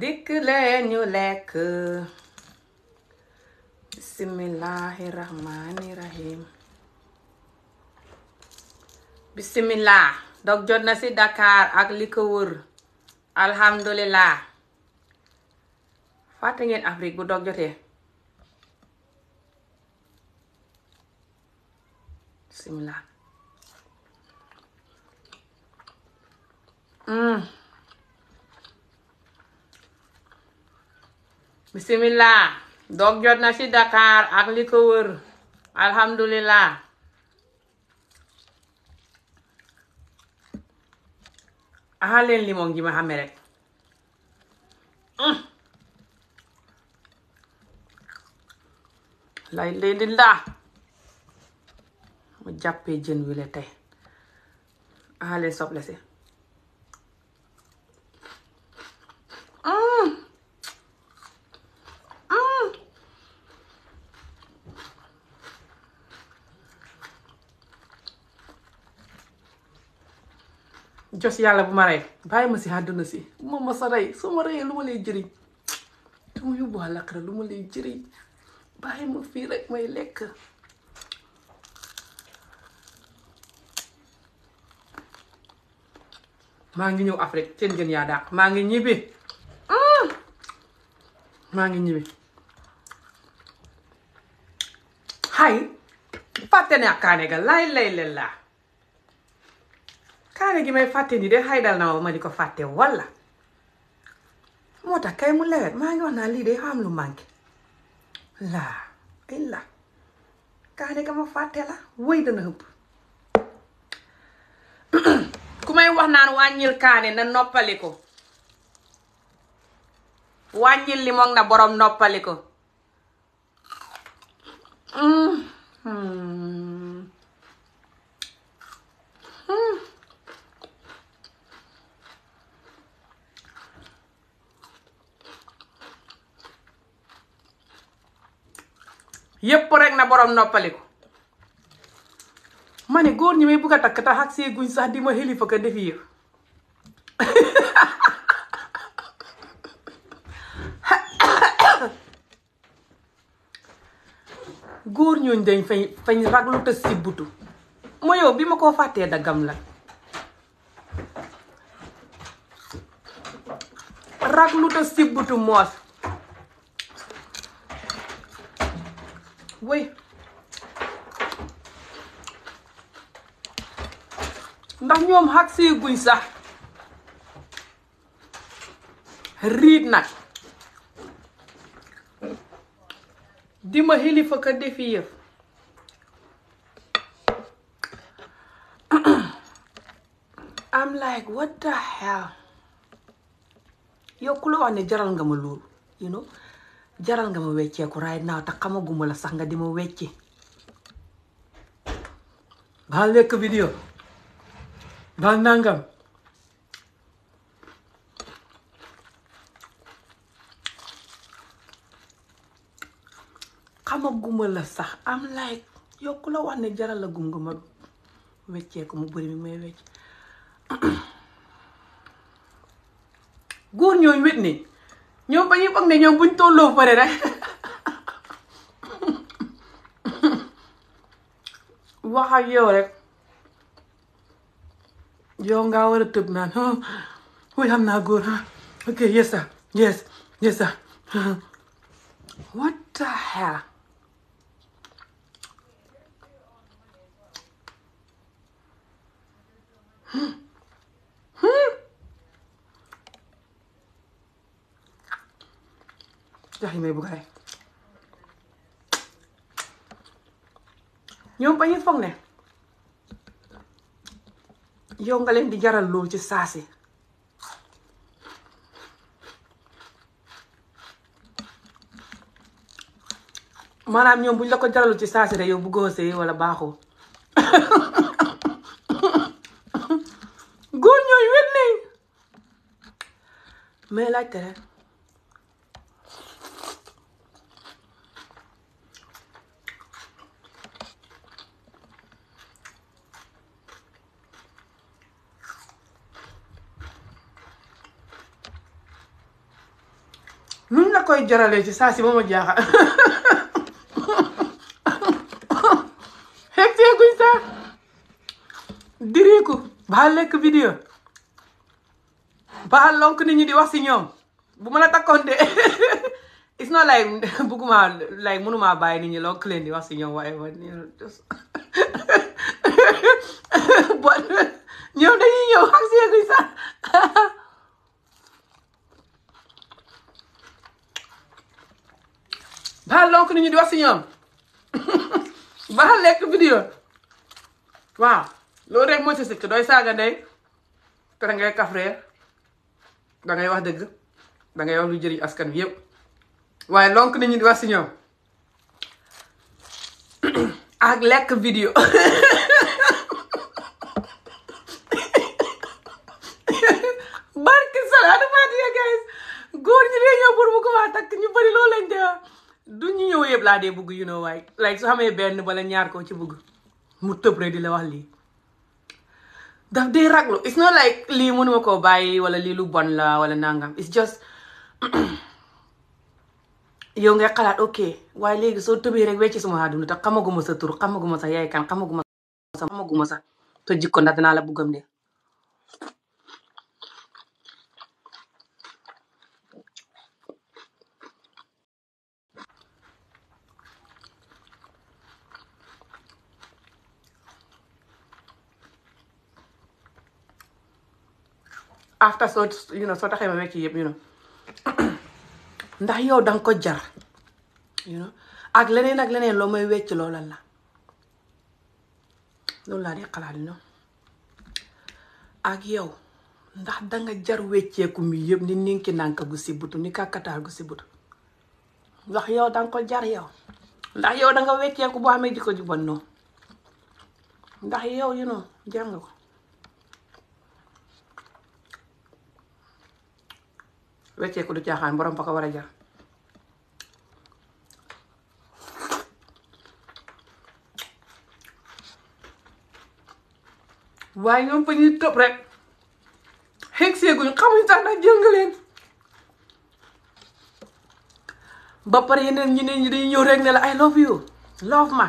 dikk leen ñu lekk bismillahi rahmani rahim dog jot na ci Dakar ak li ko wër alhamdulillah fàtte ngeen Afrique bu dog jotee bismillah mm. bisimilah doog jot na ci Dakar ak li ko wër alhamdulilah axal leen limon ji ma rek mm. lay lay di laa mu jàppee jën wi la tey axal soble si mm. Ah! jos yàlla bu ma rey bàyyi ma si àdduna si bu ma mos rey soo ma reyee lu ma lay jëriñ du ma yóbbu àllaaxira lu ma lay jëriñ bàyyi ma fii rek may lekk maa ngi ñëw Afrique seen gën yaa dàq maa ngi ñibbi ah! maa ngi ñibbi hi ಫಾತೆನೆ ಕಾನೆಗಲ್ಲ ಇಲ್ಲ ಇಲ್ಲ ಇಲ್ಲ kaane gi may fàtte nii de xay dal na ma di ko fàtte walla moo tax kay mu lewet maa ngi wax lii de xam lu manqué laa illa kaane ga ma fàtte la wëy dana hëpp ku may wax naan wàññil kaane na noppali ko wàññil limoŋ na borom noppali ko Mm uh-huh. yépp rek na borom noppaliku ma ne góor ñi may bëgg a takk tax ak guñ sax di ma xelifa ko def ñooñ dañ fay fañ raglu sibbutu ma bi ma koo fàttee daggam la raglu te sibbutu moos way ndax ñoom xag guñ sax riit nag di ma xilifa ka defi yëf I'm like what the hell yow ku la wax jaral nga ma loolu you know jaral nga ma wecceeku right now te xamaguma la sax nga dima ma wecce baal lekk vidéo baal nangam waxuma la sax am like yow ku la wax ne jaral la gum nga ma weccee ko mu bëri mi may wecc góor ñooñu wét ne ñoom ba ñuy foog ne ñoom buñ tolloo pare rek wax ak yow rek yow ngaa war a tëb naan wuy oh, xam naa góor ah, ok yes sir yes yes sir what Déjenme bugaay ñoom ba ñu foog ne yow nga leen di jaral loo ci saasi maanaam ñoom buñ la ko jaralu ci saasi rek yow bu góosee wala baaxoo mais laajte rek nuñ la koy jaralee ci saa si mooma jaaxal heg seeguñ sax diriku ba lekk vidéo baal lonk nit ñi di wax si ñoom bu ma la takkoon de it's not like bugguma like mënuma bàyyi ni ñi lonk leen di wax si ñoom waaye wa bon ñoom dañuy ñëw ak si yeguñ sax baal lonk nit ñi di wax si ñoom baal lekk vidéo waaw loolu rek mooy sa sikk dooy saaga ndey te ngay kaf reer dangay wax dëgg dangay ngay wax lu jëriñ askan bi yëpp waaye lonk nañu di wax si ñoom ak lekk vidéo barki salaatu faatiha guys góor ñi dee ñëw pour ko waa takk ñu bëri loolu lañ du ñu ñëw yëpp laa dee bugg you know waaye like su xamee benn bala ñaar koo ci bugg mu tëb rek di la wax lii daf day raglu it's not like lii mënuma koo bàyyi wala lii lu bon la wala nangam it's just yow nga xalaat ok waaye léegi soo tëbee rek wecci suma àdduna te xamaguma sa tur xamaguma sa yaay kan xamaguma sa xamaguma sa to jikko ndax danaa la buggam de after soo you ma wekk yëpp you know ndax yow danga ko jar ak leneen ak leneen loo may wecc loola la loolu laa di xalaat you know ak yow ndax danga jar wecceeku mi yëpp ni ninki nanka gu si butu ni kàkkataar gu si ndax yow danga ko jar yow ndax yow danga wecceeku boo amee jikko ju bon noonu ndax yow you know jar nga ko wecceeku du caaxaan borom fa ko war a jar waaye ñoom fa ñuy tëb rek xeeg seeguñu xamuñ sax ndax jël ba pare yeneen ñu ne ñu dañuy ñëw rek ne la I love you love ma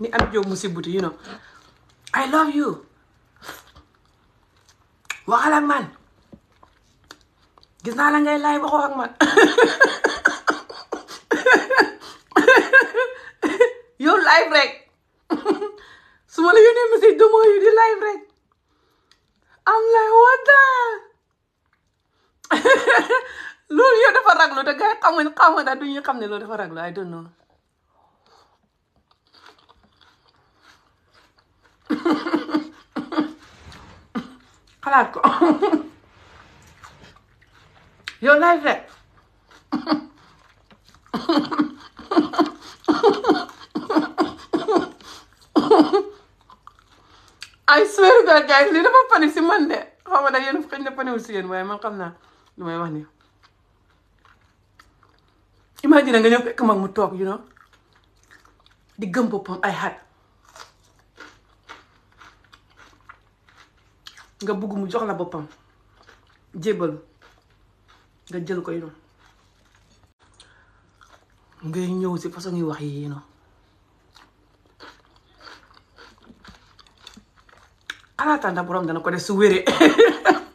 ni am jóg mu sibbuti you know I love you waxal gis naa la ngay laay waxoo ak man yow live rek la yónnee message demoo yu di live rek am lay wata loolu dafa raglu te gars yi xam nga xam nga daal du ñu xam ne loolu dafa raglu I don't know ko yow lay fekk I swear to God guys lii dafa pani si man de xaw ma nag yéen xëy na paniwul si yéen waaye man xam naa lu may wax nii imagine nga ñëw fekk mag mu toog you know di gëm boppam ay xat nga bugg mu jox la boppam jébbal nga jël ko yi noonu ngay ñëw si façon yi wax yi noonu alaatanta borom dana ko def su wéree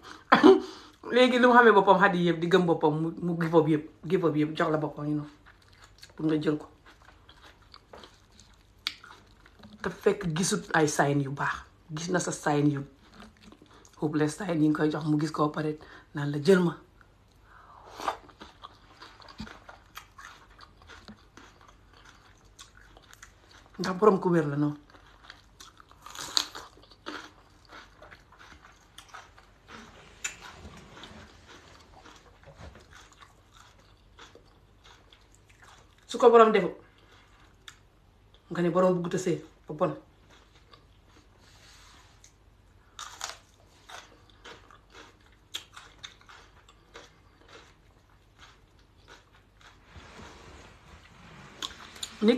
léegi lu mu xamee boppam xaddi yëpp di gëm boppam mu give yëpp give yëpp jox la boppam yi noonu pour nga jël ko te fekk gisut ay sign yu baax gis na sa sign yu hopeless sign yi nga koy jox mu gis ko pare naan la jël ma ndax borom ku wér la noonu su ko borom defu nga ne borom bugg te sëy ba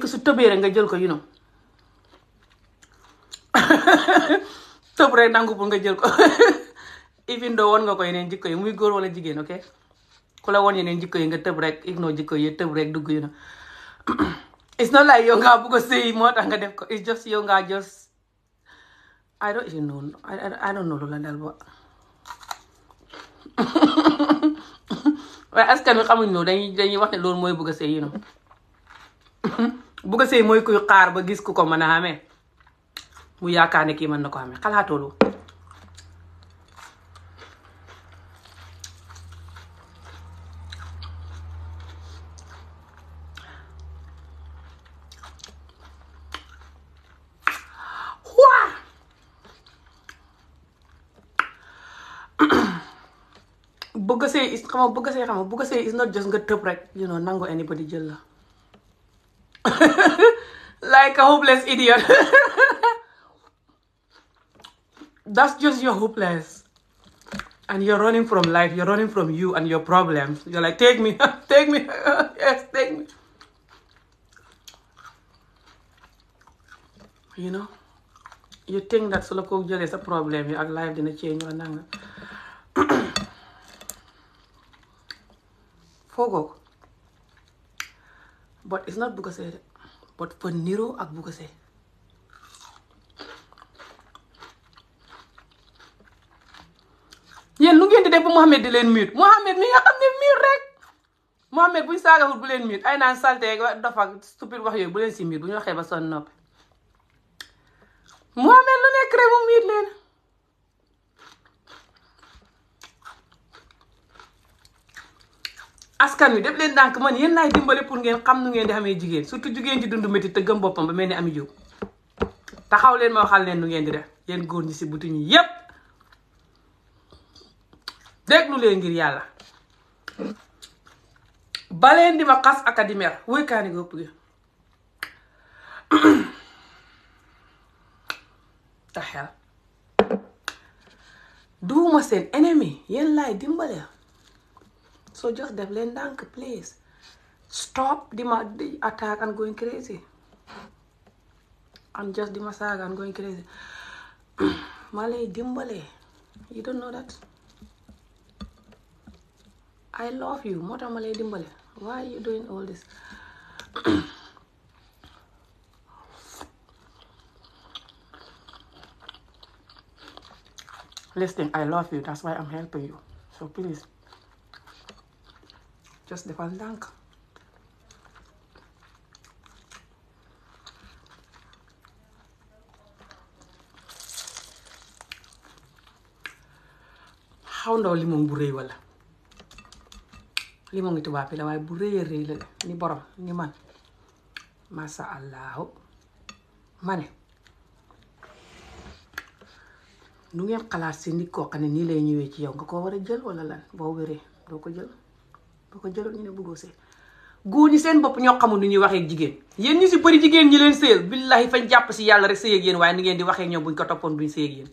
ki su tëbee rek nga jël ko yu noonu tëb rek nangu pour nga jël ko even though woon nga ko yeneen jikko yi muy góor wala jigéen ok ku la woon yeneen jikko yi nga tëb rek ignore jikko yi tëb rek dugg yu na it's not like yow moo tax nga def ko it's just yow ngaa just I waaye askan wi xamuñ noonu dañuy dañuy wax ne loolu mooy bëgg a sëy you mooy kuy xaar ba gis ku ko mën a amee mu yaakaar ne kii mën na ko amee xalaatoolu bëgg sëy is xam nga bëgg sëy xam nga bëgg sëy is not just nga tëb rek you know nangu anybody jël la like a hopeless idiot that's just you're hopeless and you're running from life you're running from you and your problems you're like take me take me yes take me you know you think that su la ko jëlee sa problème yi ak life dina change wala nanga foogoo but it's not Bouga Seye de but for Niro ak Bouga Seye yéen nu ngeen di def ba Mouhamed di leen miir Mouhamed mi nga xam ne miir rek Mouhamed buñ saagawul bu leen miir ay naan salté dafa stupide wax yooyu bu leen si miir bu ñu waxee ba sonn noppi Mouhamed lu nekk rek mu miir leen askan wi def leen ndànk man yéen laay dimbale pour ngeen xam nu ngeen di xamee jigéen surtout jigéen ji dund métti te gëm boppam ba mel ni ami jóg taxaw leen ma waxal leen nu ngeen di def yéen góor ñi si butu yépp déglu leen ngir yàlla baleen di ma xas ak di mer wéykaani gëpp gi ta xel duuma seen ennemi yéen laay dimbale just def leen ndànk please stop di ma di and going crazy and just di ma saaga and going crazy ma lay dimbale you don't know that I love you moo tax ma lay dimbale why you doing all this listen I love you that's why I'm helping you so please just defal ndànk xaw ndaw limon bu rëy wala lii moo ngi tubaab bi la waaye bu rëy a la ni borom ni man masha allahu ma ne nu ngeen xalaat si nit koo xam ne nii lay ñëwee ci yow nga koo war a jël wala lan boo wéree doo ko jël boo ko jëloon ñu ne bëggoo sëy góor seen bopp ñoo xamul nu ñuy waxee jigéen yéen ñu si bëri jigéen ñi leen sëyal billahi fañ jàpp si yàlla rek sëy ak yéen waaye ni ngeen di waxee ñoom buñ ko toppoon duñ sëy ak yéen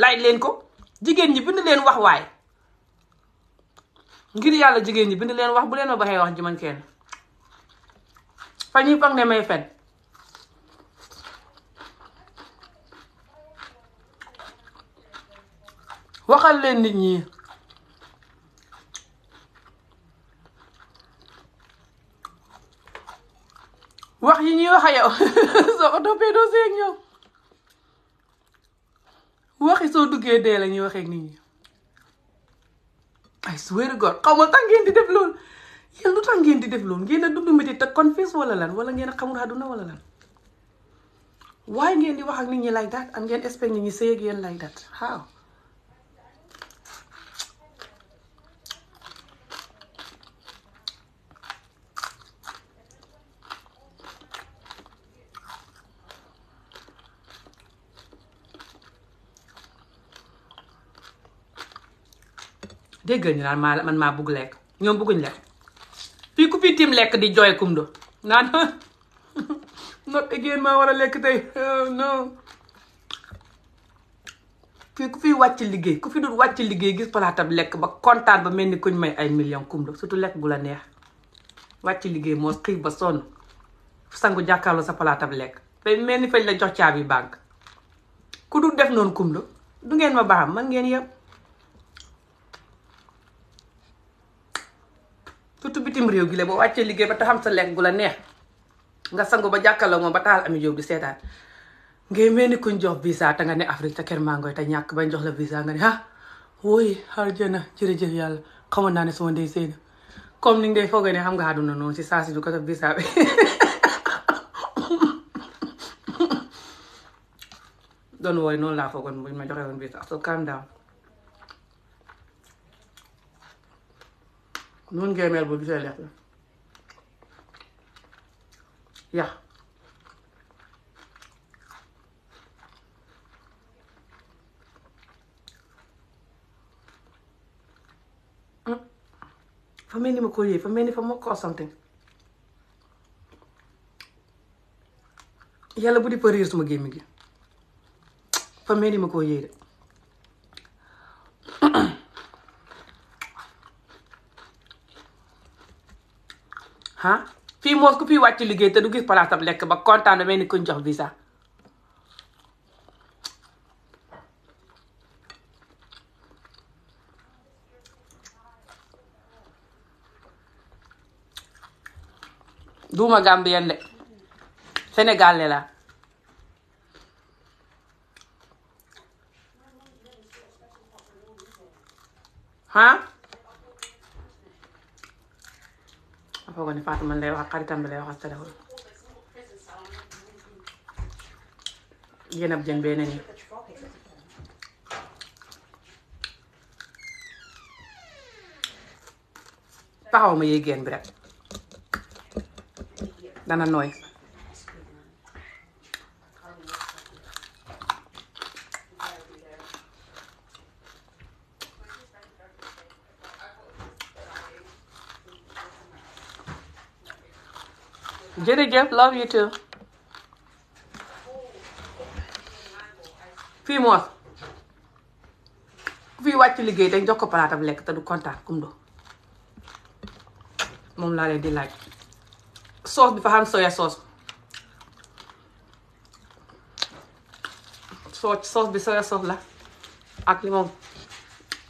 laaj leen ko jigéen ñi bind leen wax waaye ngir yàlla jigéen ñi bind leen wax bu leen ma baxee wax ji man kenn fa ñuy foog ne may fen waxal leen nit ñi wax yi ñuy wax a yow soo ko toppee doo seeg ñoom waxi soo duggee dee la ñuy waxee nit ñi I swear to God xaw ma tax ngeen di def loolu yéen lu tax ngeen di def loolu ngeen a dund métti te confess wala lan wala ngeen a xamul àdduna wala lan waaye ngeen di wax ak nit ñi like that and ngeen expect nit ñi sëy ak yéen like that how déggal ñu naan maa lekk ñoom bugguñ ku fi tiim di jooy kumdo naan a lekk tey oh, fii ku fi liggéey ku fi dul wàcc liggéey gis palaatam lekk ba kontaan ba mel ni kuñ may ay million kumdo surtout lekk gu la neex wàcc liggéey moo xiif ba sonn sangu jàkkaarloo sa palaatam lekk ba mel ni fañ la jox caabi banque ku dul def noonu kumdo du ngeen ma baax man ngeen yëpp surtout bitim réew gi la boo wàccee liggéey ba xam sa lekk gu la neex nga sangu ba jàkkaarloo moom ba taal ami yow di seetaan ngay mel ni kuñ jox visa te nga ne Afrique te kër mangoy te ñàkk ba jox la visa nga ne ah wooy arjana xamoon naa ne sama ndey seen comme ni ngay foogee ne xam nga àdduna noonu si saa si du ko def bi doon wooy noonu laa foogoon buñ ma joxe woon visa so calm down noonu ngay mel bu gisee lekk la yax hmm. fa mel ni ma ko yëy fa mel ni fa ma ko yàlla bu di fa suma gémmi gi fa ni ma koo yëy de ah fii moos ku fi wàcc liggéey te du gis bu lekk ba kontaan na mel ni kuñ jox visa duuma Gambien de Sénégal la ah foogoon ne man lay wax xaritam bi lay wax téléphone yéen ab jën beneen yi taxaw ma yéegeen bi rek dana nooy jërëjëf love you too fii moos wàcc liggéey dañ jox ko palaatam lekk te du kontaan kumdo moom laa leen di laaj soos bi fa xam soya soos soos soos bi soya soos la ak limon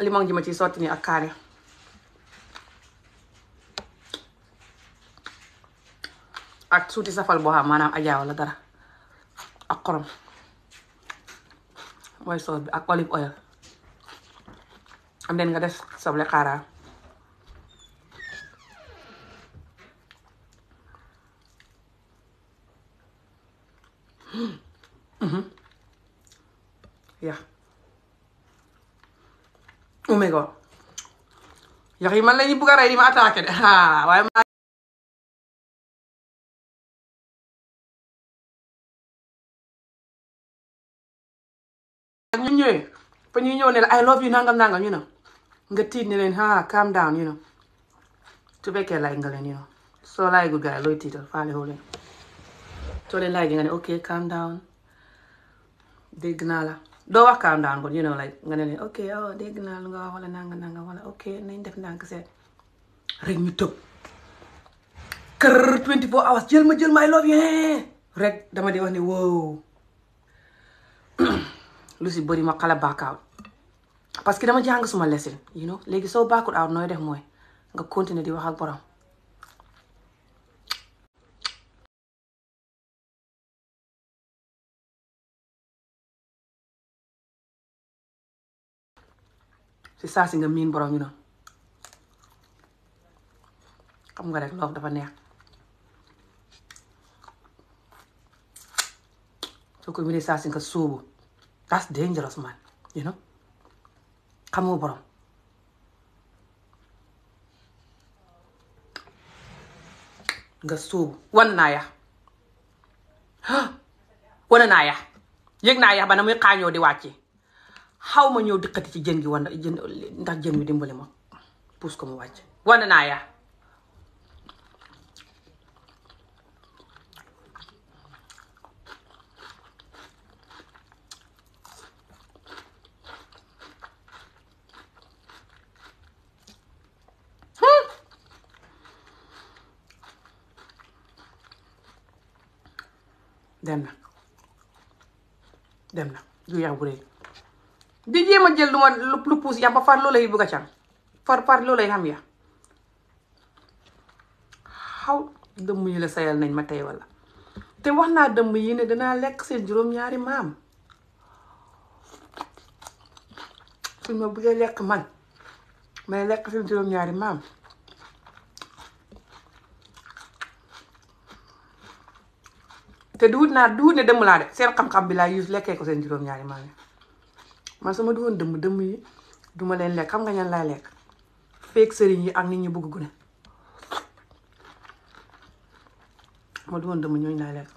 limon ji ma ciy sotti nii ak kaani suuti safal boo xam maanaam ajaa wala dara ak xorom mooy soos bi ak olive oil am den nga def soble xaaraa hmm. mm-hmm. yax umé go yi man lañuy bugg a rey di ma attaqué de ah, waaye ak ñu ñëwee fa ñuy ñëw ne la I love you nangam nangam ñu ne nga tiit ne leen ah calm down ñu ne su fekkee laaj nga leen soo laaj gu gaay looy tiital faale woo leen soo leen laaj nga ne ok calm down dégg naa la doo wax calm down kon ñu ne ok oh, dégg naa lu nga wax wala nanga nanga wala ok nañ def ndànk set rek ñu tëb kër 24 hours jël ma jël ma I love you eh. rek dama di wax ne wow lu si bëri ma xala back parce que dama jàng suma lesson you know léegi soo back out nooy def mooy nga continuer di wax ak borom si saa si nga miin borom ñu noonu xam nga rekk loof dafa neex soo ko miinee saa si nga sóobu that's dangerous man you know xamoo borom nga sóobu wan naa yax wana naa yax yëg naa yax ba na muy xaañoo di wàcce xaw ma ñëw dikkati ci jën gi wan jën ndax jën wi dimbali ma puus ko mu wàcc wana naa yax dem na dem na du yax bu rëy di jéem a jël lu ma lu puus yam ba far loolay bëgg a cam far far loolay xam ya xaw dëmm yi la sayal nañ ma tey walla te wax naa dëmm yi ne danaa lekk seen juróom-ñaari maam suñ ma bëggee lekk man may lekk seen juróom-ñaari maam te du naa du ne dëmm laa de seen xam-xam bi laa use lekkee ko seen juróom-ñaari maam man su ma du woon dëmm dëmm yi du ma leen lekk xam nga ñan laay lekk feek sëriñ yi ak nit ñu bëgg gune ma du woon dëmm ñooñu laay lekk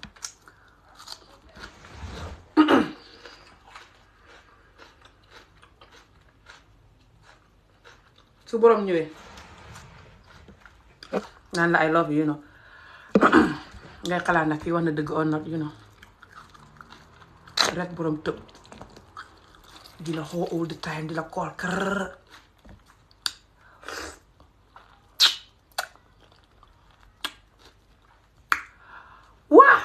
su boroom ñëwee naan la I love you know ngay xalaat nag kii wax na dëgg or not you know rek borom tëb di la la kool kër waa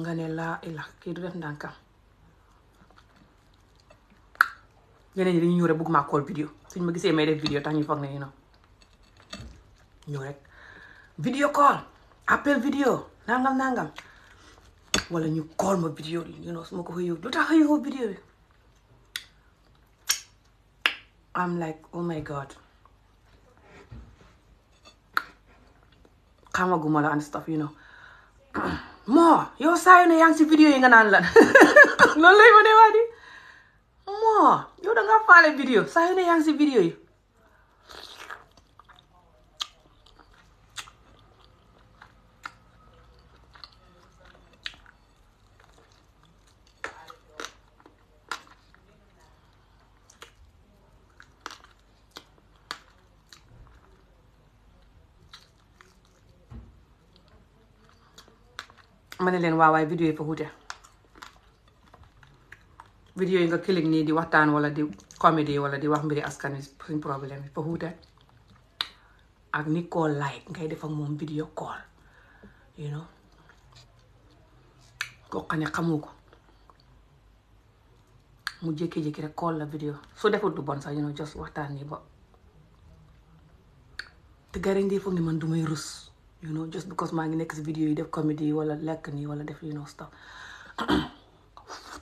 nga ne laa ila kii du def ndànkam ñeneen ñi dañuy ñëw rek bëgg maa suñ ma gisee may def vidéo tax ñu foog ne you know ñëw rek vidéo call appel vidéo nangam nangam wala ñu call ma vidéo you know su ma ko xëyoo lu tax xëyoo vidéo bi I'm like oh my god xamaguma la and stuff you know moo yow saa yu ne si vidéo yi nga naan lan la lay ma ne waa di moo yow da nga faale vidéo saa yu ne yi ne leen waawaay vidéo yi fa wute vidéo yi nga click nii di waxtaan wala di comédie wala di wax mbiri askan wi suñ problème yi fa wute ak ni call like ngay def ak moom vidéo call you know koo xamu ko mu jékki-jékki rek call la vidéo su defut du bon sax you know just waxtaan nii ba te gari ndi foog ni man du may rus you know just because maa ngi nekk si vidéo yi def comédie wala lekk nii wala def you know stuff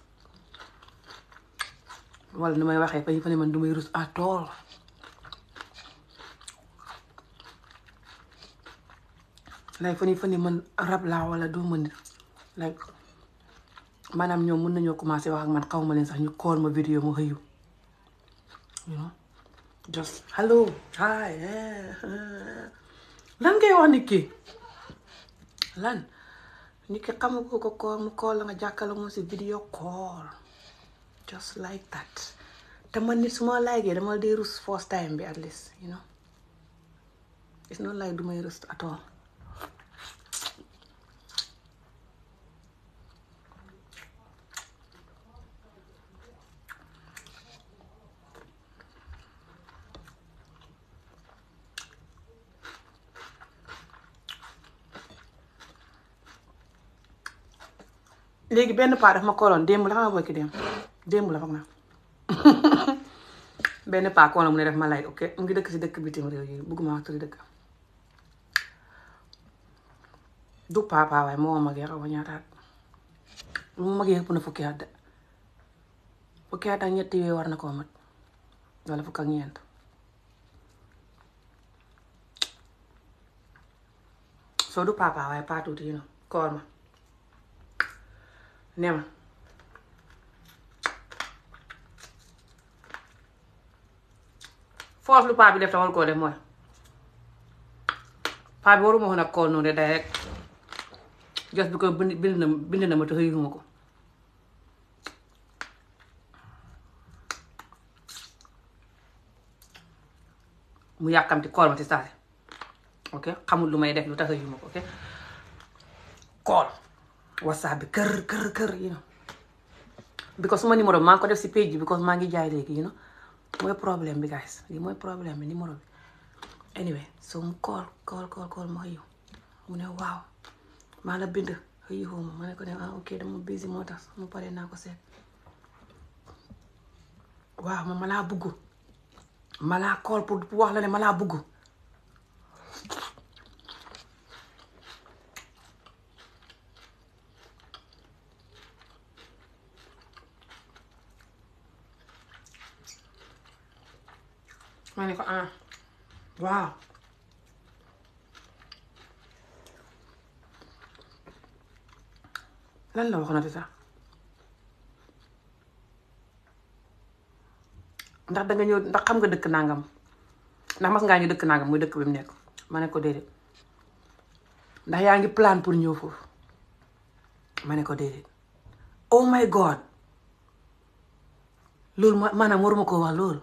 wala nu may waxee fa ne man du may rus at all like fa fa man rab laa wala doo mën nit like maanaam ñoom mën nañoo commencé wax ak man xaw ma leen sax ñu call ma vidéo ma xëyu you know just lan ngay wax nit ki lan nit ki xamagoo ko koor mu koor la nga jàkkaarloo moom si vidéo call just like that te man nit su ma laajee dama dee rus first time bi at least you know it's not like du may rus at all léegi benn paa daf ma kooloon démb la xam nga mooy ki démb démb la xam naa benn paa kooloon mu ne def ma lay mu ngi dëkk si dëkk bitim réew yi bugguma wax turi dëkk du paa paa waaye moo magee xaw ma ñaata at mu magee ëpp na fukki at de fukki at ak ñetti yooyu war na koo mat wala fukk ak ñeent soo du paa paa waaye paa tuuti yi noonu koor ne ma lu paa bi def te war koo def mooy paa bi waruma woon ak kool noonu de day rek jos bi ko bind bind na ma te xëyuma ko mu yàkkamti kool ma ci saare ok xamul lu may def lu tax xëyuma ko ok whatsapp bi kër kër kër you because suma numéro bi maa ngi ko def si page because maa ngi jaay léegi you know mooy problème bi guys lii mooy problème bi numéro bi anyway so mu call call call ma xëyu mu la bind xëyu xawma ma ne ko ne ah moo tax mu pare naa ko seet waaw ma ma laa ma laa call pour wax la ne ma laa bugg ma ne ko ah waaw lan la waxoon na sax ndax danga ñëw ndax xam nga dëkk nangam ndax mas ngaa ñu dëkk nangam muy dëkk bi mu nekk ma ne ko déedéet ndax yaa ngi plan pour ñëw foofu ma ne ko déedéet oh my god loolu ma maanaam waruma koo wax loolu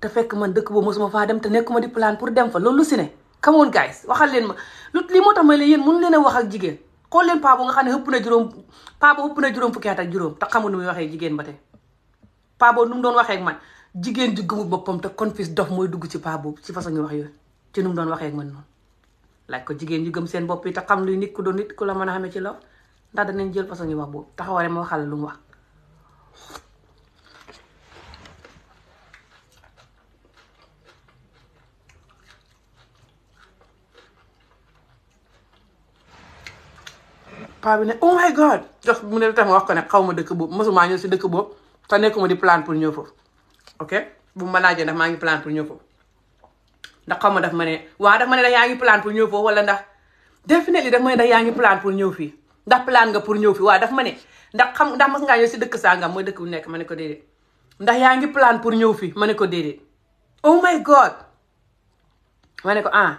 te fekk man dëkk boobu mosuma faa dem te nekkuma di plan pour dem fa loolu si ne come on guys waxal leen ma lu lii moo tax ma leen yéen mënu leen a wax ak jigéen xool leen paa bu nga xam ne ëpp waxee jigéen ba tey paa boo nu mu doon waxee man jigéen ju gëmul boppam te confis dof mooy dugg ci paa boobu ci façon ñu wax yooyu mu doon waxee ak man noonu laaj jigéen yu seen bopp yi te xam luy nit ku doon nit ku la mën a xamee ci law ndax danañ jël façon ñu wax boobu taxaware ma waxal lu mu wax paa bi ne oh my god jox mu ne lu tax ma wax ko ne xaw ma dëkk boobu mosuma ñëw si dëkk boobu te nekkuma di plan pour ñëw foofu ok bu ma laajee ndax maa ngi plan pour ñëw foofu ndax xaw ma daf ma ne waaw daf ma ne ndax yaa ngi plan pour ñëw foofu wala ndax definitely daf ma ne ndax yaa ngi plan pour ñëw fii ndax plan nga pour ñëw fii waaw daf ma ne ndax xam ndax mas ngaa ñëw si dëkk sangam mooy dëkk bu nekk ma ne ko déedéet ndax yaa ngi plan pour ñëw fii ma ne ko déedéet oh my god ma ne ko ah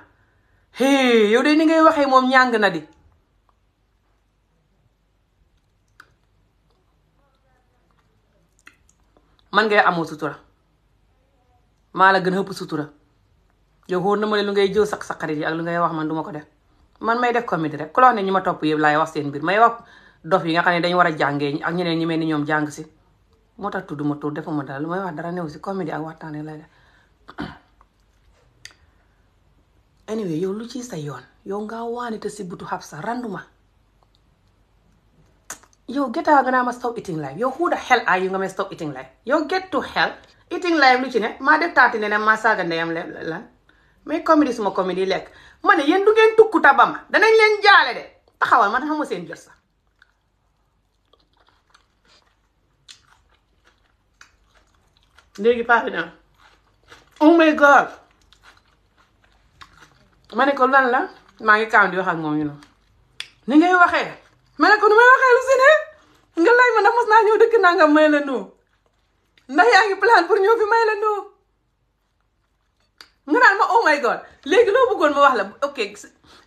hey yow de ni ngay waxee moom ñàng na di man ngay amoo sutura maa la gën a ëpp sutura yow xóor na ma ne lu ngay jëw sax sa xarit yi ak lu ngay wax man duma ko def man may def comédie rek ku la wax ne ñi ma topp yëpp laay wax seen mbir may wax dof yi nga xam ne dañu war a jàngee ak ñenee ñi mel ni ñoom jàng si moo tax tudduma tur defuma dara lu may wax dara new si comédie ak waxtaane la def anyway yow lu ci sa yoon yow nga waane te si butu xab sa randuma yo get out nga naa ma stop eating live yow who the hell are you nga may stop eating yow get to hell eating live lu ci ne maa def taati ne ne maa saaga ndeyam lan mais comédie suma comédie lekk ma ne yéen du ngeen tukku ta ba danañ leen jaale de taxawal man xamuma seen jot sax léegi paa bi naan oh my god ma ne ko lan la maa ngi kaam di wax moom ñu noonu ni ngay waxee ma ne ko nu may waxee lu si ne nga lay ma ndax mos naa ñëw dëkk nangam may la noo ndax yaa ngi plan pour ñëw fi may la noo nga naan ma oh my god léegi loo bëggoon ma wax la ok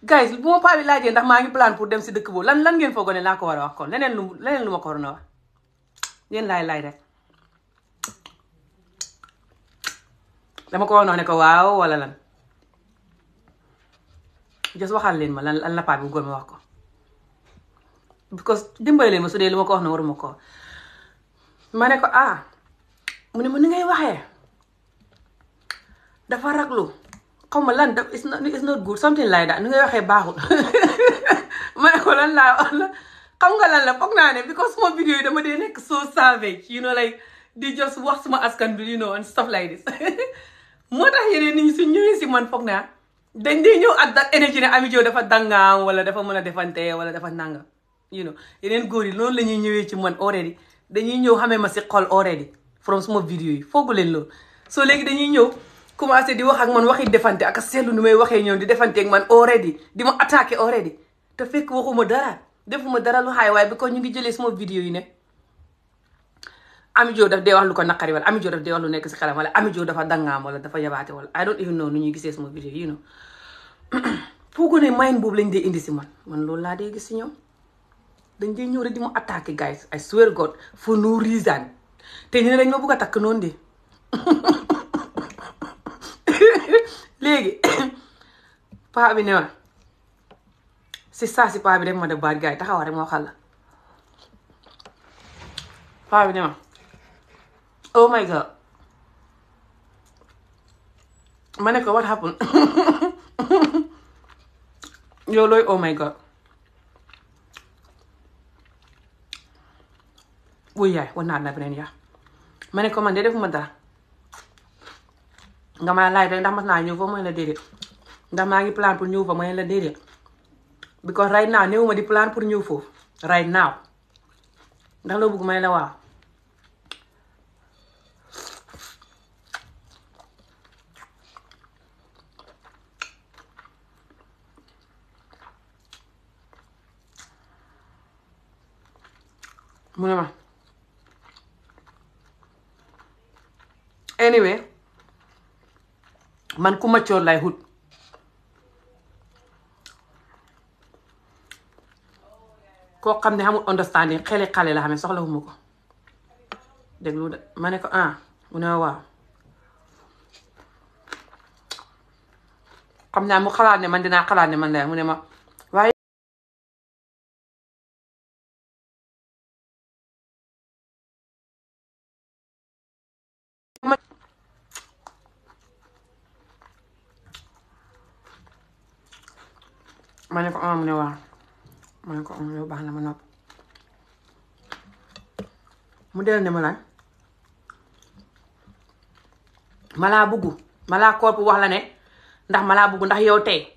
guys bu ma paa bi laajee ndax maa ngi plan pour dem si dëkk boo lan lan ngeen foogoon ne laa ko war a wax kon leneen lu leneen lu ma ko waroon wax yéen laay laaj rek dama ko waroon ne ko waaw wala lan jos waxal leen ma lan la paa bi bëggoon ma wax ko because dimbale leen ma su dee li ma ko wax ne waruma ko ma ne ko ah mu ne ma ni ngay waxee dafa raglu xaw ma lan daf it's not it's not good something like ni ngay waxee baaxul ma ko lan la xam nga lan la foog naa ne because suma vidéo yi dama dee nekk soo savage you know like di just wax suma askan bi you know and stuff like moo tax yeneen nit ñi su ñëwee si man foog naa dañ dee ñëw ak that énergie ne Amie Jobe dafa dangaam wala dafa mën a defante wala dafa nangam you know yeneen góor yi loolu la ñuy ñëwee ci man already dañuy ñëw xamee ma si xol already from suma vidéo yi foogu leen loolu soo léegi dañuy ñëw commencé di wax ak man waxi defante ak seetlu nu may waxee ñoom di defante man already di ma attaqué already te fekk waxuma dara defuma dara lu xaay waaye bi ko ñu ngi jëlee suma vidéo yi ne Amie Jobe daf dee wax lu ko naqari wala lu nekk si xelam wala Amie Jobe dafa dangaam wala dafa yabaate wala I don't even nu ñuy gisee suma vidéo yi you know foogu ne mayin boobu lañ dee indi si man man loolu laa dee gis si ñoom dañ dee ñëw rek di ma attaqué guys I swear God for no reason te ñu ne dañ bugg a takk noonu de léegi paa bi ne ma si saa si paa bi ma def baat gars yi taxaw rek moo xal la ne ma oh my god ma ne ko what happened yow looy oh my god wuy yaay war naa na beneen yaa ma ne ko man de defuma nga ma laaj rek ndax mas naa ñëw fa mooy la déedéet ndax maa ngi plan pour ñëw fa mooy la déedéet because right now néew ma di plan pour ñëw foofu right now ndax loo ma may la waaw anyway man ku macoor lay xut koo xam ne xamul understanding xeli xale la xamee soxlawuma ko déglu de ma ah mu ne waaw xam naa mu xalaat ne man dinaa xalaat ne man lay mu ne ma mu ne waaw ma ne ko am mm, na ma nopp mu del ne ma lan malaa bugg malaa wax la ne ndax malaa bugg ndax yow tey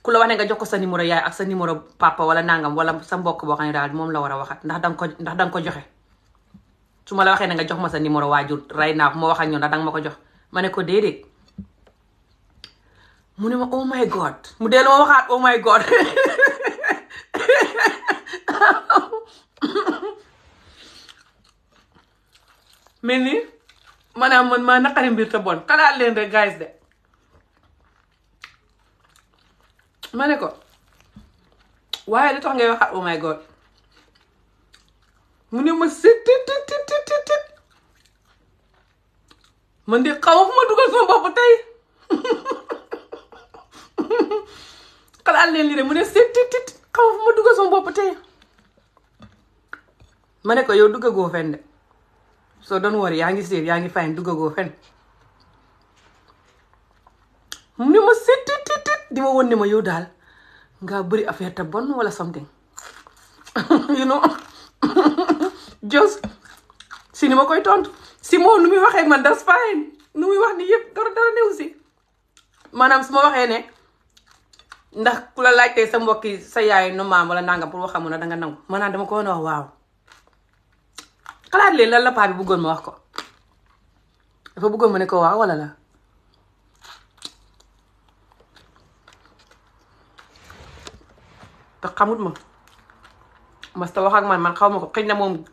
ku la wax ne nga jox ko sa numéro yaay ak sa numéro papa wala nangam wala sa mbokk boo xam ne daal moom la war a waxat ndax danga ko ndax danga ko joxe su ma la waxee ne nga jox ma sa numéro waajur rey naa ma wax ak ndax danga ma ko jox ma ne ko déedéet mu ne ma oh my god mu dellu ma waxaat oh my god mel ni maanaam man maa naqari mbir te bon xalaat leen rek guys de ma ko waaye li tax ngay waxaat oh my god mu ne ma sit tit man di xaw ma dugal sama bopp tey xalaat leen li rek mu ne seet tit tit xaw ma fu ma dugg sama bopp tey ma ne ko yow duggagoo fen de soo doon wari yaa ngi séet yaa ngi fayin duggagoo fen mu ne ma seet tit tit di ma won ne ma yow daal nga bëri affaire te bon wala something just si ni ma koy tontu si moom nu muy waxee man das fine nu muy wax ni yëpp dara dara néew si maanaam su ma waxee ne ndax ku la laajtee sa mbokk sa yaay nu maam wala nangam pour waxamu na danga nangu ma naan dama ko woon wax waaw leen lan la paa bi bëggoon ma wax ko dafa bëggoon ma ne ko waaw wala la te xamut ma mas ta wax man man xaw ma ko xëy na moom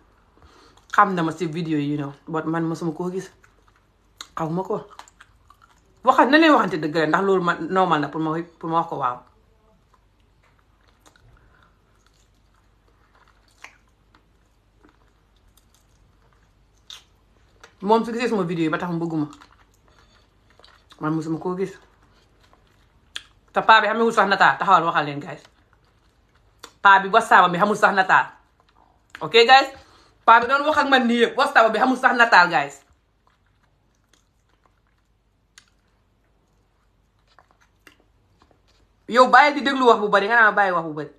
xam na ma si vidéo yi you but man mosuma koo gis xaw ma ko waxal na leen wax dëgg rek ndax loolu ma normal na pour ma pour ma wax ko waaw moom su gisee sama vidéo yi ba tax mu bëgguma man mosuma koo gis te paa bi xamewul sax nataal taxawal waxal leen guys paa bi wasaaba bi xamul sax nataal ok guys paa bi doon wax ak man nii yëpp wasaaba bi xamul sax nataal guys yow bàyyi di déglu wax bu bari nga naan bàyyi wax bu bari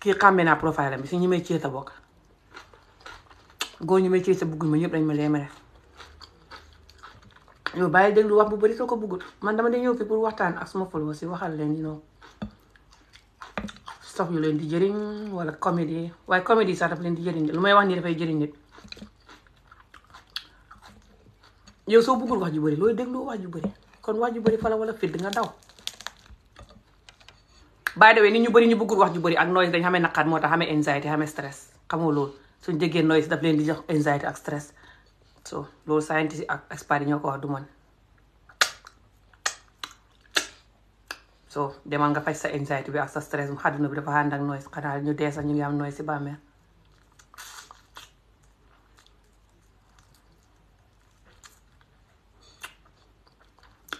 kii xàmmee naa profil bi si ñi may ciita bokk góor ñi may ciita bugguñ ma ñëpp dañ ma lee mere yow bàyyi di wax bu bari soo ko buggut man dama de ñëw fi pour waxtaan ak suma followers si waxal leen yi noonu sof yu leen di jëriñ wala comédie waaye comédie sax daf leen di jëriñ lu may wax nii dafay jëriñ nit yow soo buggul wax ju bari looy déglu wax ju bari kon wax ju bëri fa la wala fidd nga daw by the way nit ñu bëri ñu bëggul wax ju bëri ak noise dañ xamee naqaat moo tax xamee anxiety xamee stress xamoo loolu suñ déggee noise daf leen di jox anxiety ak stress so loolu scientist ak expert yi ñoo ko wax du man so demal nga faj sa anxiety bi ak sa stress mu xadduna bi dafa ànd ak noise xanaa ñu dee sax ñu ngi am noise si bàmmeel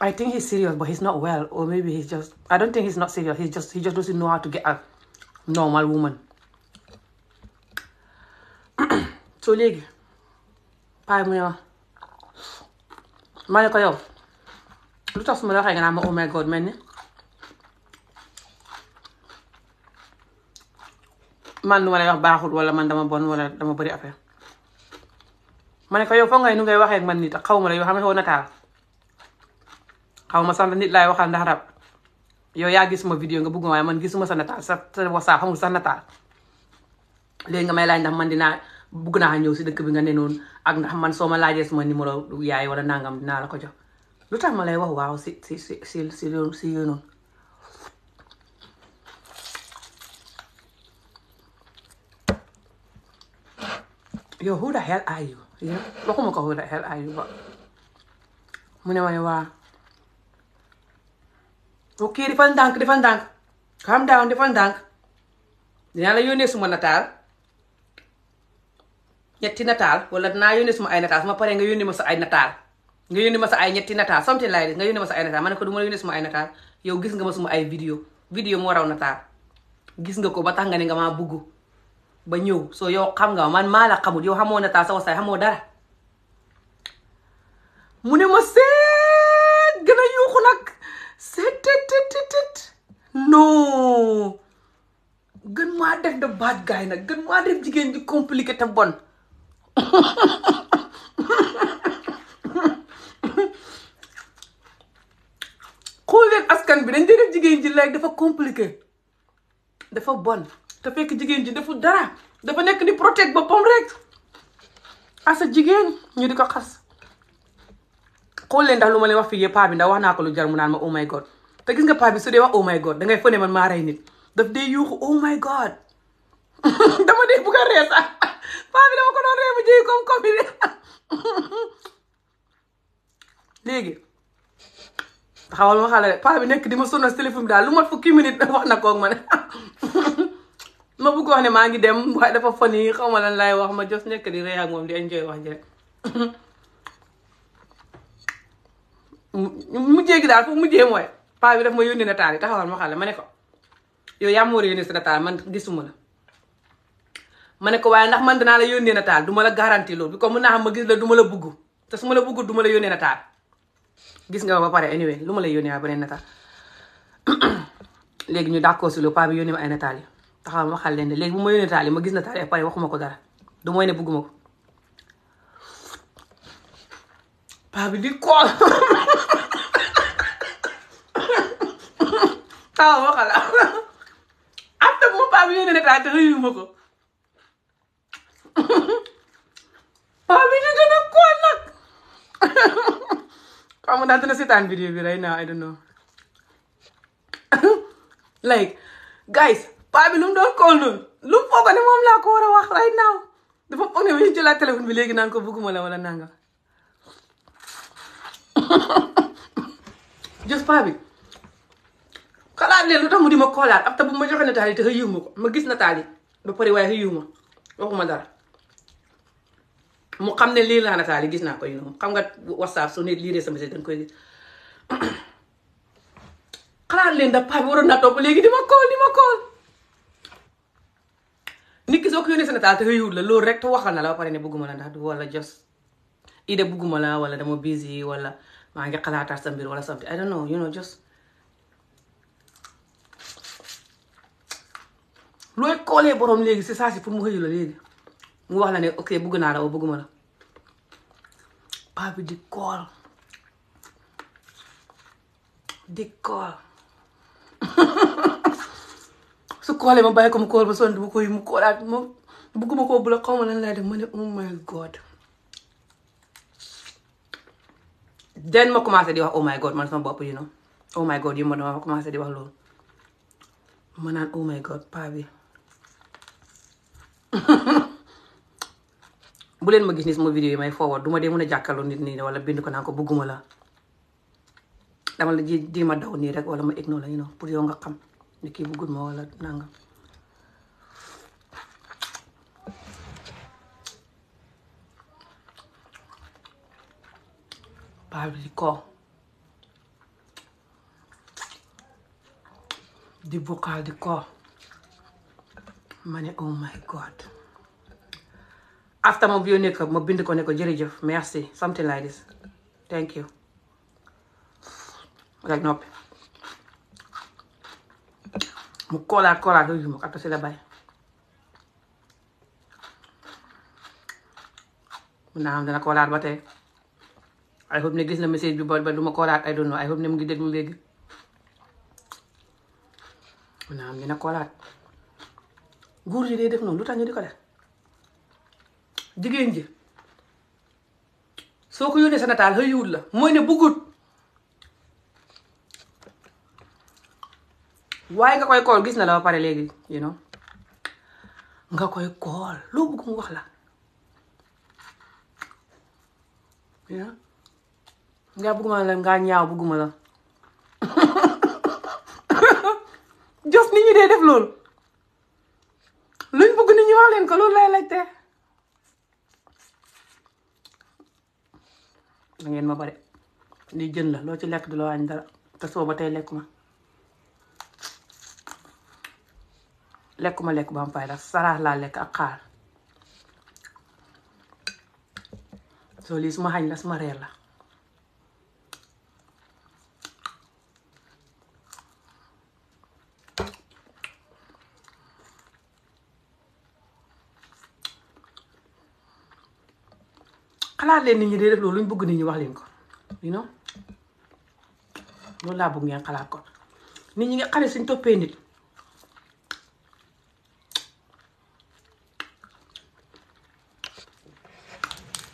I think he's serious, but he's not well, or maybe he's just. I don't think he's not serious. He's just he just know how to get a normal woman. so léegi paa mu ne ma ma ne ko mel ni man wax baaxul wala man dama bon wala dama bëri affaire ma ne ko yow foog ngay nu ngay waxee man nii te xaw ma la yoo xam ne xaw na taal. xaw ma sax nit laay waxal ndax rab yow yaa gis ma vidéo nga bëgg waaye man gisuma sa nataal sa sa wasaab xamul sa nataal léegi nga may laaj ndax man dinaa bugg naa ñëw si dëkk bi nga ne noonu ak ndax man soo ma laajee sama numéro yaay wala nangam dinaa la jox lu tax ma lay wax waaw si si si si si si yooyu noonu yow who the hell are ko who the hell are you ba mu ne ma ne waa ok defal ndànk defal ndànk calm down defal ndànk la yónnee suma nataal ñetti nataal wala dinaa yónnee suma ay nataal ma paree nga yónnee ma sa ay nataal nga yónnee ma ay ñetti nataal something like nga yónnee ma ma ne ko du ma la suma ay nataal yow gis nga ma suma ay vidéo vidéo moo raw nataal gis nga ko ba tax nga ne nga maa bugg ba ñëw soo yow xam nga man maa la xamul yow xamoo nataal sa wasaay xamoo dara mu ne ma see tit non gën maa def de bad guy nag gën maa def jigéen ji compliqué te bon xool leen askan bi dañ dee def jigéen ji léegi dafa compliqué dafa bon te fekk jigéen ji defu dara dafa nekk di protège boppam rek asa jigéen ñu di ko xas xool leen ndax lu ma leen wax fii yëpp paa bi ndax wax naa ko lu jar naan ma oh my god te gis nga paa bi su dee wax oh my god dangay fone man maa nit daf dee yuuxu oh my god dama dee bugg a ree sax paa dama ko ree mu jëy nekk di ma sonal daal lu mat fukki minute wax na koog ma bëgg wax ne maa ngi dem waaye xaw ma lan laay wax ma jos nekk di rey ak moom wax njëriñ gi daal foofu mujjee mooy paa bi daf ma yónnee nataal yi taxawal ma xale ma ne ko yow yaa ma man gisuma la ma ne ko waaye ndax man danaa la yónnee nataal du ma la garanti bi ko mën naa xam gis la du bugg te bugg du ma la yónnee nataal nga ba pare anyway lu ma la yónnee waa beneen nataal léegi ñu d'accord si loolu paa bi yónnee ma ay nataal yi taxawal ma xale leen ne bu ma yónnee nataal yi ma gis nataal yi pare waxuma ko dara du mooy ne bugguma ko paa bi di kool ah waxala after bu ma paa bi yónnee netaay te rëyu ma ko paa bi di gën a koon nag xaw ma daal dina seetaan vidéo bi right now I don't know like guys paa bi lu mu doon kool noonu moom laa ko war a wax right now dafa foog ne bu ñu jëlaat téléphone bi léegi naan ko bëgguma la wala nanga just paa xalaat leen lu tax ma koolaat ab bu ma joxe nataal yi ma gis nataal yi ba pare mu xam ne lii laa yi gis naa ko yu xam nga whatsapp su leen da paa léegi di ma kool di ma kool nit soo ko yónnee sa nataal te xëyul la loolu rek te waxal na la ba pare ne bëgguma la ndax wala jos idée bëgguma la wala dama busy wala maa ngi xalaataat sa mbir wala something I don't know you know just looy koolee borom léegi si saa si pour mu xëy la léegi mu wax la ne ok bëgg naa la wala la paa bi di kool di kool su koolee ma bàyyi ko mu kool ba sonn bu koy mu koolaat ma bëgguma koo bula xaw ma lan lay def ma ne oh my god den ma commencé di wax oh my god man sama bopp you know oh my yi ma dama commencé di wax loolu naan oh my god paa bi bu leen ma gis ni sama vidéo yi may forward duma dee mën a jàkkaarloo nit nii wala bind ko naan ko bëgguma la dama la ji di ma daw nii rek wala ma ignore la you know pour yow nga xam ni kii bëggul ma wala nangam baal di ko di bokkaal di ko ma ne oh my god after ma yónnee ko ma bind ko ne ko jërëjëf merci something like this thank you rek noppi mu koolaat koolaat loolu moom ak si la bay mun naa xam dana koolaat ba tey ay hope ne gis na message bi ba ba du ma koolaat ay ay hope ne mu ngi déglu léegi mun naa xam dina koolaat góor yi day def noonu lu tax ñu di ko def jigéen ji soo ko yónnee sa nataal xëyul la mooy ne bëggut waaye nga koy kool gis na la ba pare léegi you nga koy kool loo bëgg wax la nga bëgguma la nga ñaaw bëgguma la jos nit ñi dee def loolu yi leen ko loolu lay laajte da ngeen ma bare lii jën la loo ci lekk du la wàññi dara te soo ba tey lekkuma lekkuma lekk ba am fayda saraax laa lekk ak xaar soo lii suma xañ la suma reer la xalaat leen nit ñi day def loolu ñu bëgg nit ñi wax leen ko you know loolu laa bëgg ngeen ko nit ñi nga xam ne suñ toppee nit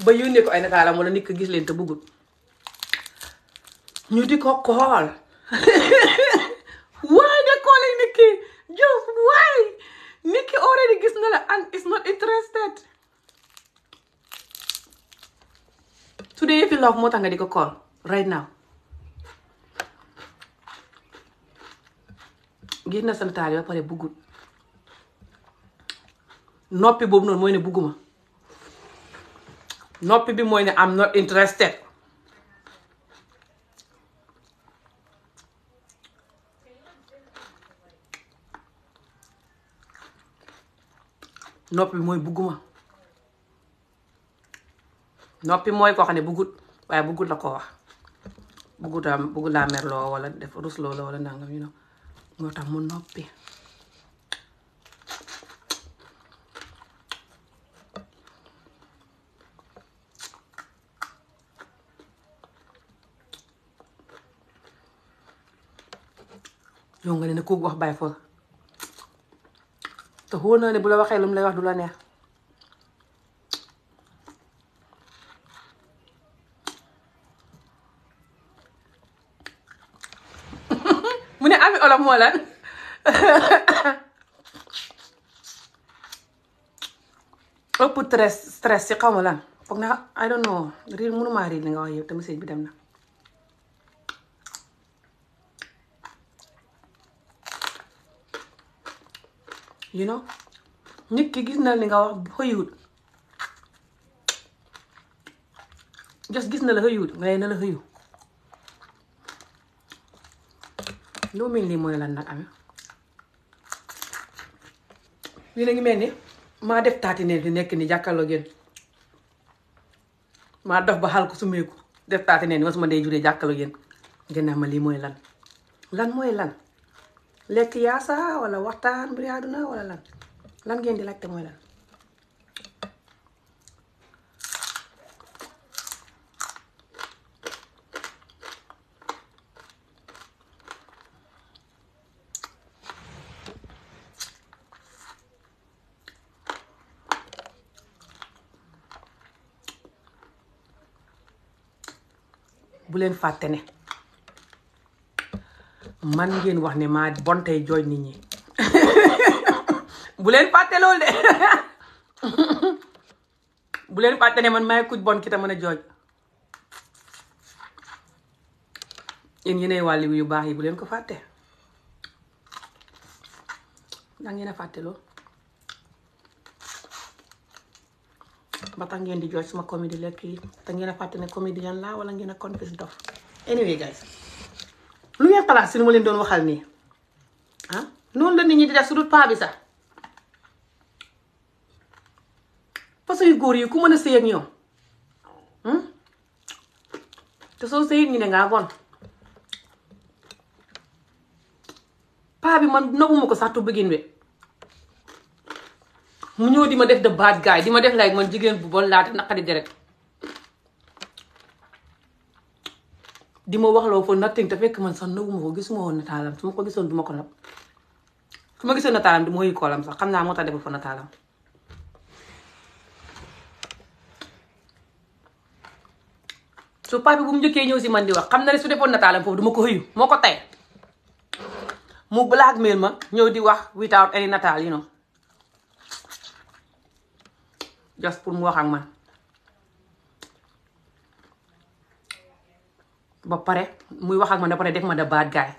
ba yónnee ko ay nataalam wala nit ko gis leen te bëggul ñu di ko kool waaye nga koolee nit just waaye nit already gis na la and is not interested su dee yëfi love moo tax nga di ko call right now gis na sama taal ba pare buggul noppi boobu noonu mooy ne bugguma noppi bi mooy ne am not interested noppi bi mooy bugguma noppi mooy koo xam ne bëggut waaye bëggut la ko wax bëggut a bëggut laa merloo wala def rusloo la wala nangam yu ne moo tax mu noppi yow nga ne ne wax bàyyi foofu te xóor naa ne bu la waxee lu mu lay wax du la neex stress stress ci xaw ma lan foog naa I don't know riir mënumaa riir li nga wax yow te message bi dem na. you know nit ki gis na li nga wax xëyut jos gis na mooy lan nag amee yéen a ngi mel ni maa def taati neen bi nekk ni jàkkaloo ngeen maa dox ba xal ko sumeeku def taati neen ma suma dee juree jàkkaarloo ngeen ngeen naa ma lii mooy lan lan mooy lan lekk yaasa wala waxtaan bu àdduna wala lan lan ngeen di laajte mooy lan leen fàtte ne man ngeen wax ne maa bon tey jooy nit ñi bu leen fàtte loolu de bu leen fàtte ne man maay kuj bon ki te mën a jooj yéen yéenay wàllu yu baax yi bu leen ko fàtte ndax ngeen a fàtte loolu ba tax ngeen di jooj suma comédie lekk yi te ngeen a fàtte ne comédien laa wala ngeen a confess dof anyway guys lu ngeen xalaat si nu ma leen doon waxal nii ah noonu la nit ñi di def su dul paa bi sax parce que góor yi ku mën a sëy ak hmm? te soo sëy ñu ne ngaa paa bi man nobuma ko sax tu bëggin bi mu ñëw di ma def de bad guy di ma def like man jigéen bu bon laa te naqari deret di ma wax loo fo nothing te fekk man sax nawuma ko gisuma woon nataalam su ma ko gisoon du ma ko rab su ma sax xam naa moo tax defu fa bu mu njëkkee ñëw si man di wax xam na su defoon nataalam foofu du ko xëyu moo ko ñëw di wax without any nataal you know jas pour mu wax ak man ba pare muy wax ak man da pare def ma da baat guy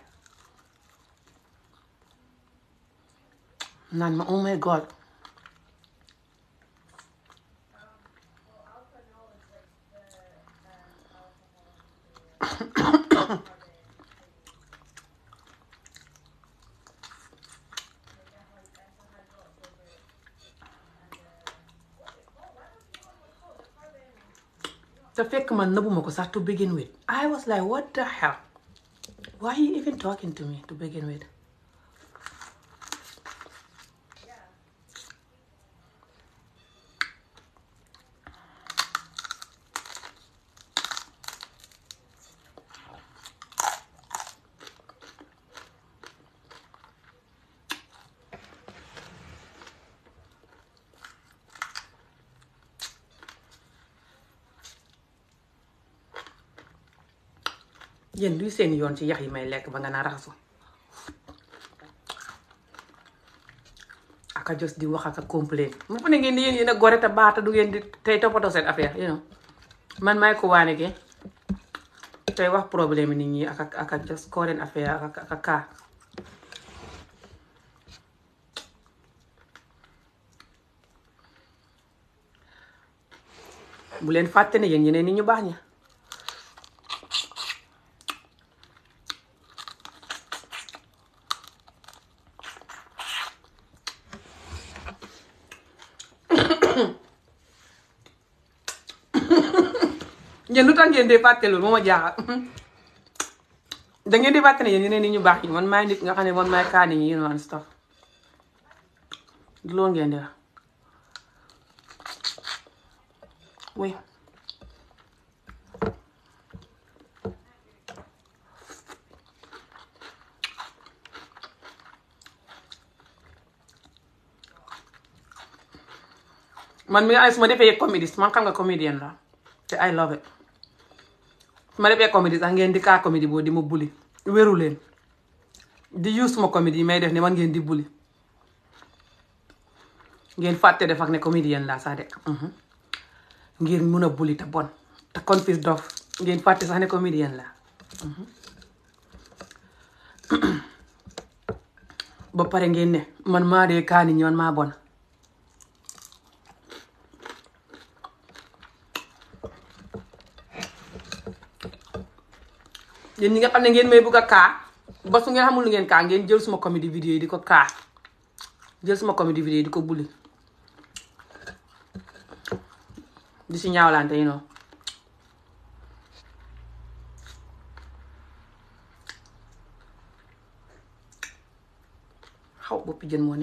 naan ma oh god te fekk man nëbbuma ko sax to begin with I was like what the hell why are you even talking to me to begin with yéen luy seen yoon ci yax yi may lekk ba nga naa raxasu aka jos di wax aka complain mu fu ne ngeen di yéen yéen a gore te baax te du ngeen di tey toppatoo seen affaire you man may ko waane ki tey wax problème nit ñi aka aka jos koo leen affaire aka aka bu leen fàtte ne yéen ñeneen nit ñu baax ñi yéen lu tax ngeen dee fàtte loolu moo ma jaaxal da ngeen di fàtte ne yéen ñeneen ñi ñu baax ñi man maay nit nga xam ne man maay kaani ñi yéen waan stop du loolu ngeen di wax man mi nga su ma defee comédie man xam nga comédienne la te I love it ma defee comédie sax ngeen di kaa comédie boo di ma buli wéru leen di use suma comédie yi may def ne man ngeen di buli ngeen fàtte def ak ne comédienne laa sax de mhm. ngeen mun a buli te bon te confis dof ngeen fàtte sax ne comédienne laa mhm. ba pare ngeen ne man maa dee kaani ñi man maa bon yéen ñi nga xam ne ngeen may bëgg kaa ba su ngeen xamul lu jël suma comédie vidéo di ko kaa suma comédie vidéo yi di ko buli di si ñaawlante yi noonu xaw boppi jën moo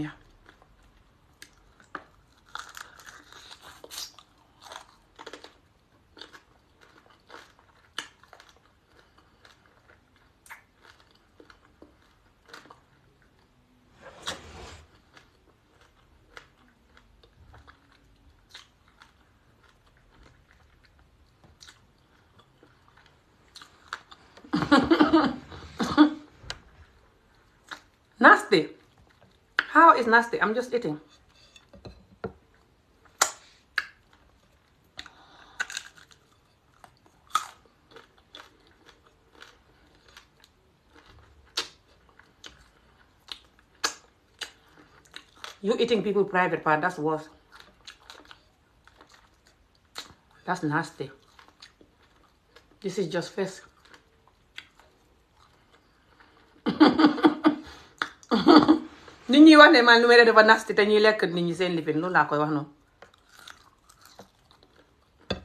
nasty. You eating people private part, that's nasty. This is just face. nit ñi wax ne man lu may def dafa nasti te ñuy lekk nit ñi seen lifin loolu laa koy wax noonu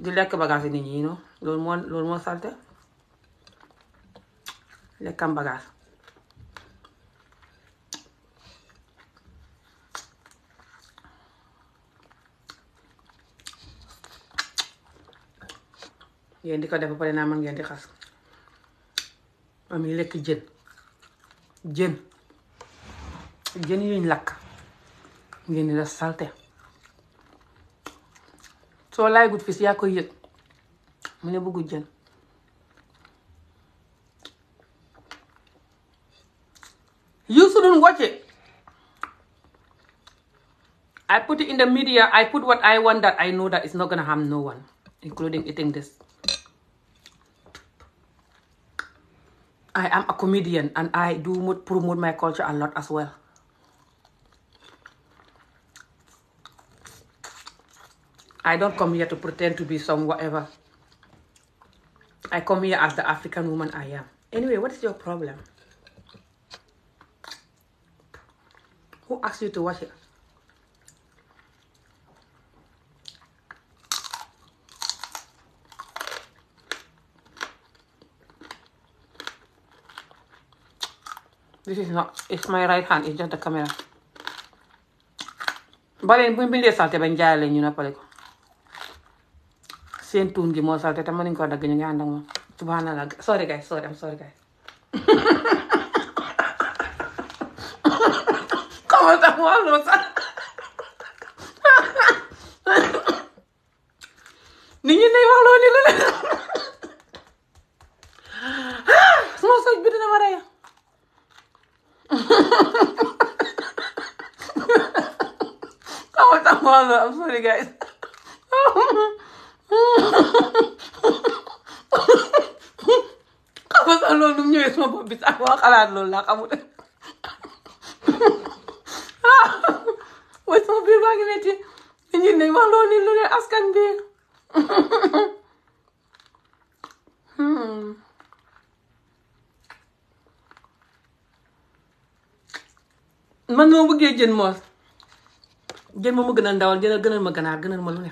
di lekk bagage nit ñi noonu loolu moo loolu moo salte lekkam bagage ngeen di ko def ba naa man ngeen di xas am yi lekk jën jën jën yuñ lakk ngeen di def salte soo laay gut fis yaa koy yëg mu ne bëggu jën Youssou Ndour watch it. I put it in the media. I put what I want that I know that it's not gonna harm no one, including eating this. I am a comedian and I do promote my culture a lot as well. I don't come here to pretend to be some whatever. I come here as the African woman I am. Anyway, what is your problem? Who asked you to watch it? This is not, it's my right hand, it's just the camera. ba leen bu ñu bindee salte ba ñu jaay leen ñu seen tuun gi moo te mënuñ koo ngi ànd ak sorry guys sorry am sorry guys comment ça mu ni lu ne sama soj bi dina ma rey comment xam nga sax loolu nu mu ñëwee sama bopp bi sax xalaat loolu laa xamul ah mooy sama biir baa ngi metti nit ñi ne wax loolu nii lu askan bi hmm. man moo bëggee jën moos jën moom ma gënal ndawal jën gënal ma ganaar gën ma lu ne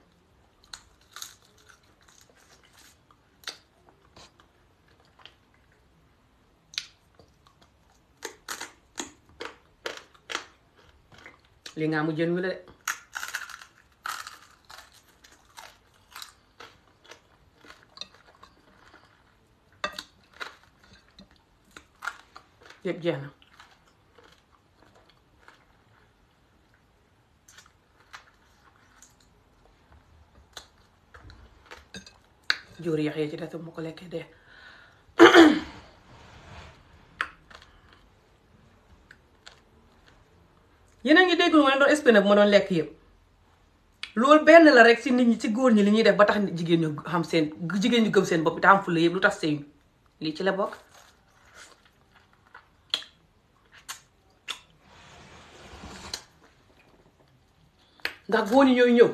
li nga mu jën wi la de yëpp jeex na jóor yax yee ci des bu ko lekkee dee spinner bu ma doon lekk yépp loolu benn la rek si nit ñi ci góor ñi li ñuy def ba tax jigéen ñu xam seen jigéen ñu gëm seen bopp te am fulla yëpp lu tax seen lii ci la bokk. ndax góor ñi ñooy ñëw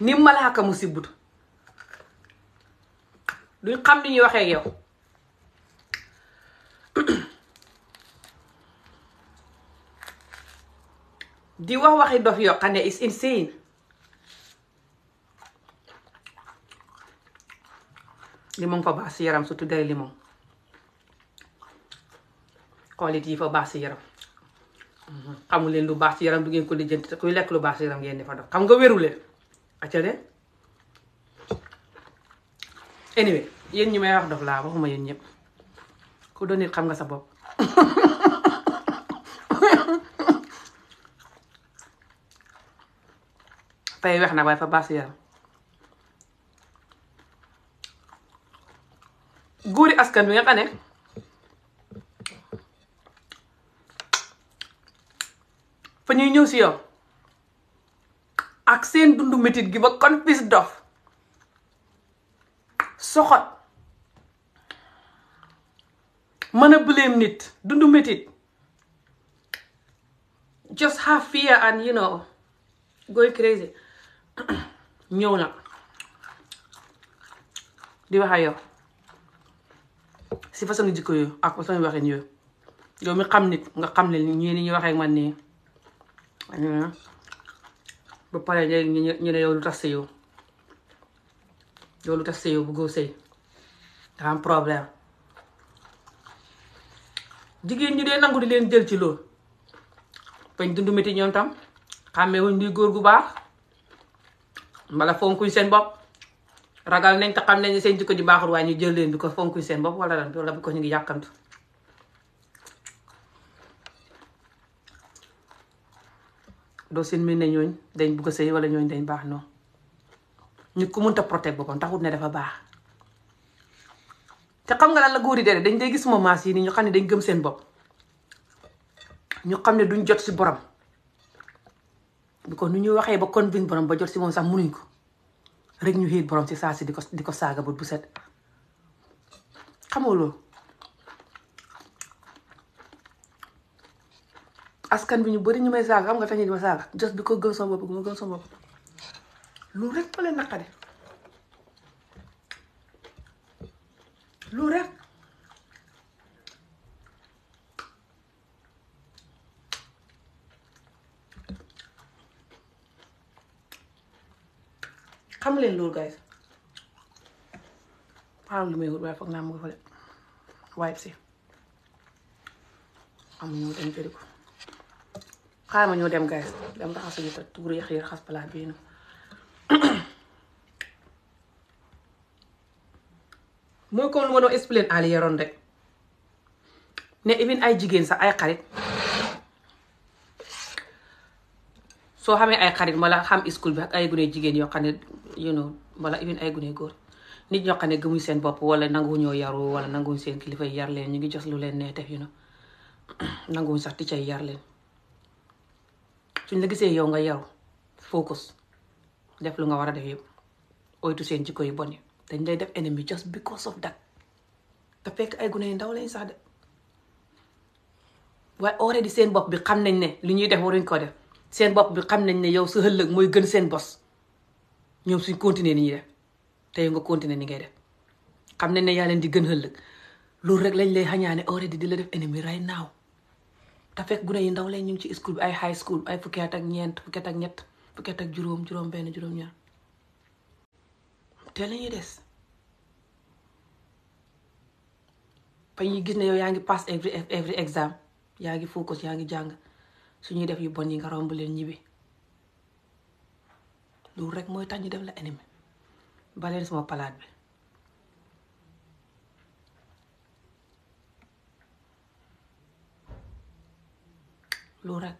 ni malaaka mu sibbut duñ xam li ñuy waxee yow. di wax waxi dof yoo xam ne is insane limon fa baax si yaram surtout day limon xoolit yi fa baax si yaram mhm. xamu leen lu baax si yaram du ngeen ko lijjanti te kuy lekk lu baax si yaram ngeen di fa dof xam nga wéru leen acca leen anyway yéen ñi may wax dof laa waxuma yéen ñëpp ku doon nit xam nga sa bopp tey weex nag waaye fa baas yaram góori askan bi nga xam fa ñuy ñëw si yow ak seen dundu métit gi ba kon pis dof soxot mën a bëleem nit dundu just have fear and you know going crazy ñëw na di wax yow si façon jikko yooyu ak façon waxin yooyu yow mi xam nit nga xam ne ñu ni ñuy waxee man nii hmm. ba pare ñu ne yow lu tax yow yow lu tax yow bu góor sëy daa am problème jigéen ñi dee nangu di leen jël ci loolu bañ dundu métti ñoom tam xàmmee wuñ luy góor gu baax mbala fonkuñ seen bopp ragal nañ te xam nañ seen jikko ji baaxul waaye ñu jël leen bi ko fonkuñ seen bopp wala lan wala bi ko ñu ngi yàkkamtu doo seen mi ne ñooñ dañ bugg a sëy wala ñooñ dañ baax noonu ñu ku mënta protect boppam taxut ne dafa baax te xam nga lan la góor yi de dañ day gis moment yi nii ñu xam ne dañ gëm seen bopp ñu xam ne duñ jot si borom kon ni ñuy waxee ba convaincre borom ba jot si moom sax munuñ ko rek ñu xiit borom si saa si di ko di ko saaga bu set xamoo loolu askan bi ñu bari ñu may saaga xam nga tax di ma saaga jos bi ko gëm sama bopp ma lu rek ma leen naqari lu rek xam leen loolu guys waaw lu may wut waaye foog naa mu nga fële waaye si amuñu dem jëli ko xaaral ma ñoo dem guys dem raxas suñu te tuur yéex yi raxas palaat bii nii mooy comme lu ma doon explain Ali yoroon rek ne even ay jigéen sax ay xarit soo xamee ay xarit ma la xam school bi ak ay gune jigéen yoo xam ne you know wala even ay gune góor nit ñoo xam ne gëmuñ seen bopp wala ñoo yaru wala nanguwuñ seen kilifa yi yar leen ñu ngi jos lu leen nee def you know nanguwuñ sax ticca yi yar leen suñ la gisee yow nga yaru focus def lu nga war a def yëpp oytu seen jikko yu yi dañ lay def ennemi just because of that te fekk ay gune yu ndaw lañ sax de waaye already seen bopp bi xam nañ ne lu ñuy def waruñ ko def seen bopp bi xam nañ ne yow sa ëllëg mooy gën seen bos ñoom suñ continuer ni ñuy def tey nga continuer ni ngay def xam nañ ne yaa leen di gën ëllëg loolu rek lañ lay xañaane already di la def ennemi right now te fekk gune yi ndaw lañ ñu ngi ci school bi ay high school ay fukket ak ñeent fukket ak ñett fukki ak juróom juróom benn juróom ñaar te lañuy des fa ñuy gis ne yow yaa ngi pass every every exam yaa ngi focus yaa ngi jàng su ñuy def yu bon yi nga romb leen ñibbi loolu rek mooy tax ñu def la ennemi baleen sama palaat bi loolu rek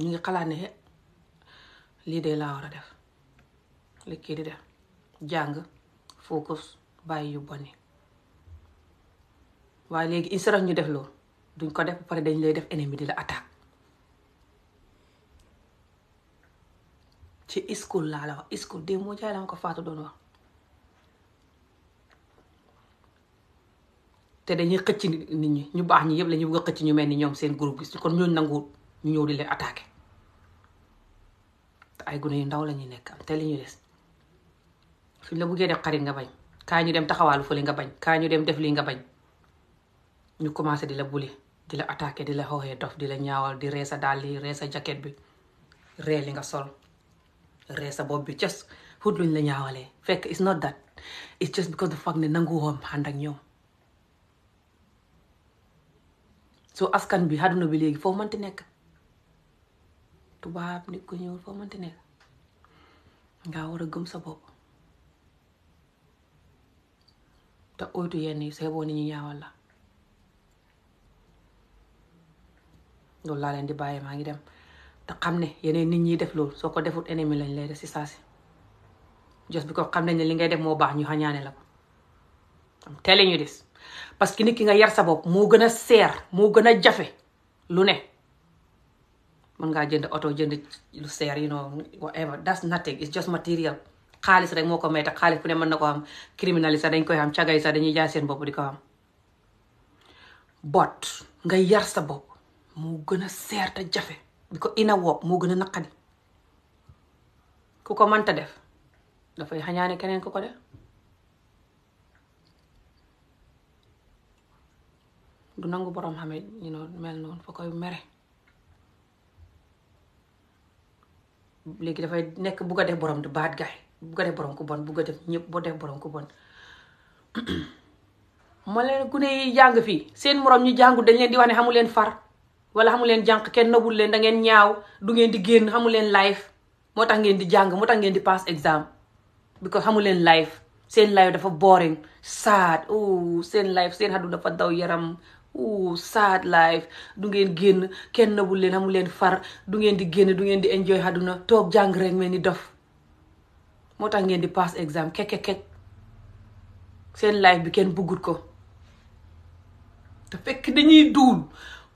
ñu ngi xalaat ne lii de laa war a def li kii di def jàng focus bàyyi yu bone yi waaye léegi instead ñu def loolu duñ ko def ba pare dañ lay def ennemi di la attaque ci iskul laa la wax iskul dé moo jaay la nga ko faatu doon wax te dañuy xëcc nit ñi ñu baax ñi yëpp lañu ñu bëgg a xëcc ñu mel ni ñoom seen groupe bi kon ñooñu nanguwul ñu ñëw di la attaqué te ay gune yu ndaw lañuy ñuy nekk am te li ñu des fi la buggee def xarit nga bañ kaa ñu dem taxawaalu fële nga bañ kaa ñu dem def lii nga bañ ñu commencé di la buli di la attaqué di la xooxee dof di la ñaawal di ree sa dàll ree sa jaket bi ree li nga sol ree sa bopp bi just xut luñ la ñaawale fekk it's not that it's just because the fact ne nangu woon ànd ak ñoom so askan bi àdduna bi léegi foo mënti nekk tubaab nit ku ñëwul foo mënti nekk ngaa war a gëm sa bopp te oytu yenn yi see boo ni ñu ñaawal la loolu laa leen di bàyyi maa ngi dem te xam ne yeneen nit ñiy def lool soo ko defut ennemi lañ lay def si saasi just because xam nañ ne li ngay def moo baax ñu xañaane la ko am telling you this parce que nit ki nga yar sa bopp moo gën a seer moo gën a jafe lu ne mën ngaa jënd oto jënd lu seer you know whatever that's nothing it's just material xaalis rek moo ko may ta xaalis ku ne mën na ko am criminal sax dañ koy am cagay sax dañuy jaay seen bopp di ko am bot nga yar sa bopp moo gën a seer te jafe di ko ina woog moo gën a naqadi ku ko mënta def dafay xañaane keneen ku ko def du nangu boroom xame ñu noonu mel noonu fa koy mere léegi dafay nekk bugg a def boroom du baat gaay bugg a def boroom ku bon bugg a def ñëpp boo def boroom ku bon moo leen gune yi jàng fii seen moroom ñu jàngu dañ leen di xamu leen far wala xamu leen jànq kenn nobul leen da ngeen ñaaw du ngeen di génn xamu leen life moo tax ngeen di jàng moo tax ngeen di pass exam because xamu leen life seen life dafa boring sad seen life seen xaddu dafa daw yaram oh du ngeen génn kenn nobul leen xamu leen far du ngeen di génn du ngeen di enjoy xaduna toog jàng rek mel ni dof moo tax ngeen di pass exam kekekek seen life bi kenn buggut ko te dañuy duul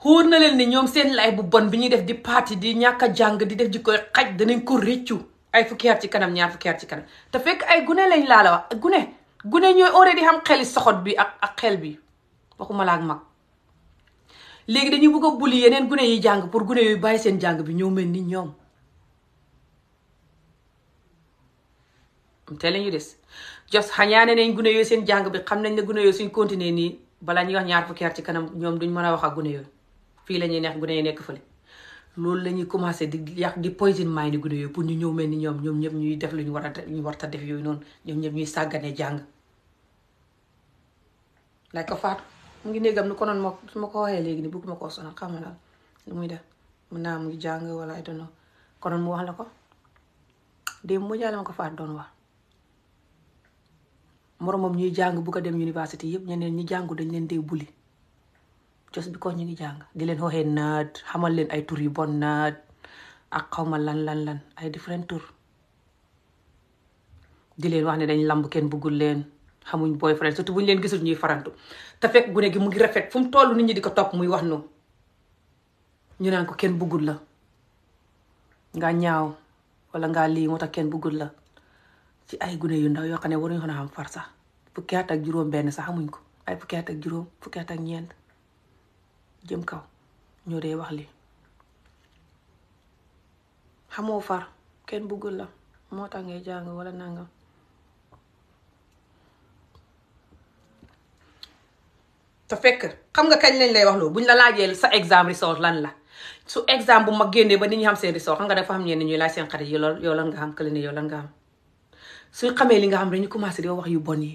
xóor na leen ni ñoom seen lay bu bon bi ñuy def di parti di ñàkk jàng di def di koy xaj danañ ko réccu ay fukki at ci kanam ñaar fukki at ci kanam te fekk ay gune lañ laa la wax gune gune ñooy already xam xeli soxot bi ak ak xel bi waxuma la ak léegi dañuy bëgg a yeneen gune yi jàng pour gune yooyu bàyyi seen jàng bi ñëw mel ni ñoom te la ñu des jos xañaane nañ gune yooyu seen jàng bi xam nañ ne gune yooyu suñ continuer nii balaa ñuy wax ñaar fukki ci kanam ñoom duñ mën a wax ak gune yooyu fii la ñuy neex gune yi nekk fële loolu la ñuy commencé di yàq di poison mind ni gune yooyu pour ñu ñëw mel ni ñoom ñoom ñëpp ñuy def lu ñu war ñu war ta def yooyu noonu ñoom ñëpp ñuy sàggane jàng lay ko faatu mu ngi néegam ni konoon moo su ma ko waxee léegi ni bëgguma koo sonal xam na lu muy def mun naa muy jàng wala ay dono konoon mu wax la ko démb mu jaale ma ko faat doon wax moromam ñuy jàng bu ko dem université yëpp ñeneen ñi jàngu dañ leen dee buli just because ñu ngi jàng di leen waxee naat xamal leen ay tur yu bon naat ak xawma lan lan lan ay different tur di leen wax ne dañ lamb kenn bëggul leen xamuñ booy boyfriend surtout bu ñu leen gisul ñuy farantu te fekk gune gi mu ngi rafet fu mu toll nit ñi di ko topp muy wax nu ñu naan ko kenn bëggul la nga ñaaw wala nga lii moo tax kenn bëggul la ci ay gune yu ndaw yoo xam ne waruñu ko xam far sax fukki at ak juróom benn sax xamuñ ko ay fukki at ak ak ñeent jëm kaw ñoo dee wax lii xamoo far kenn buggul la moo tax ngay jàng wala nangam te fekk xam nga kañ lañ lay wax loolu buñ la laajee sa exam result lan la su exam bu mag génnee ba nit ñi xam seen result xam nga dafa xam ñeen ñuy laaj seen xarit yow la nga xam kële ne la nga xam suñ xamee li nga xam dañu commencé di wax yu bon yi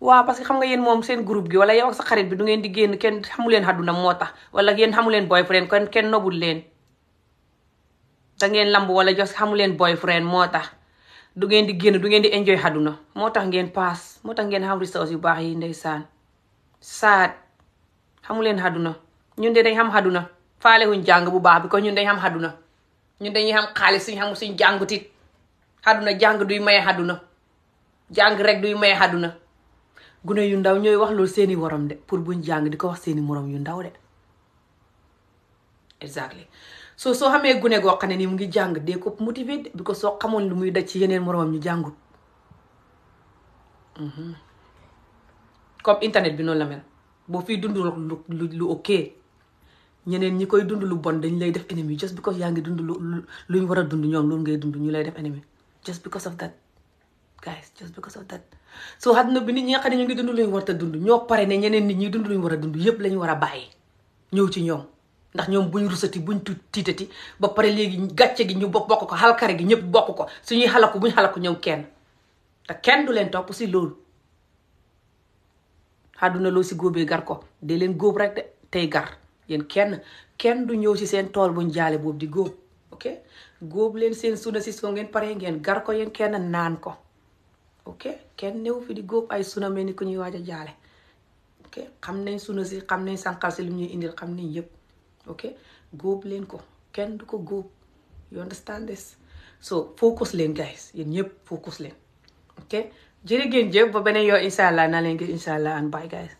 waaw parce que xam nga yéen moom seen groupe gi wala yow ak sa xarit bi du ngeen di génn ken xamu leen àdduna moo tax wala yéen xamu leen boyfriend kon kenn nobul leen ngeen lamb wala jos xamu leen boyfriend moo tax du ngeen di génn du ngeen di enjoy àdduna moo tax ngeen paas moo tax ngeen xam ressources yu baax yi ndeysaan saat xamu leen àdduna ñun de dañ xam àdduna faale wuñ jàng bu baax bi ko ñun dañ xam àdduna ñun dañuy xam xaalis suñ xamul suñ jàngutit àdduna jàng duy maye àdduna jàng rek duy maye àdduna gune yu ndaw ñooy wax loolu seeni waram de pour buñ jàng di ko wax seeni morom yu ndaw de exactly soo soo xamee gune goo xam ne nii mu ngi jàng dee ko motivé bi ko soo xamoon lu muy daj ci yeneen moromam ñu jàngut mm-hmm. comme internet bi noonu la mel boo fiy dund lu lu ok ñeneen ñi koy dund lu bon dañ lay def ennemi just because yaa ngi dund lu luñ war a dund ngay dund ñu lay def ennemi just because of that guys just because of that soo àdduna bi nit ñi nga xam ne ñu ngi dund luñ war a dund ñoo pare ne ñeneen nit ñi dundu luñ war a dund yépp lañu war a bàyyi ñëw ci ñoom ndax ñoom buñ rusati buñ tu tiitati ba pare léegi gàcce gi ñu bokk ko xalkare gi ñëpp bokk ko suñuy xalaku buñ xalaku ñëw kenn te kenn du leen topp si loolu àdduna loo si góobee gar ko de leen góob rek de tey gar yéen kenn kenn du ñëw si seen tool buñ jaale boobu di góob ok góob leen seen suna si soo ngeen paree ngeen gar ko yéen kenn naan ko ok kenn new fi di góob ay suna mel ni ku ñuy waaj a jaale ok xam ne suna si xam nañ sànqal si lu ñuy indil xam ne yëpp ok góob leen ko kenn du ko góob you understand this so focus leen guys yéen ñëpp focus leen ok jërë ngeen jëf ba beneen yoon incha allah naa leen gis incha allah and bye guys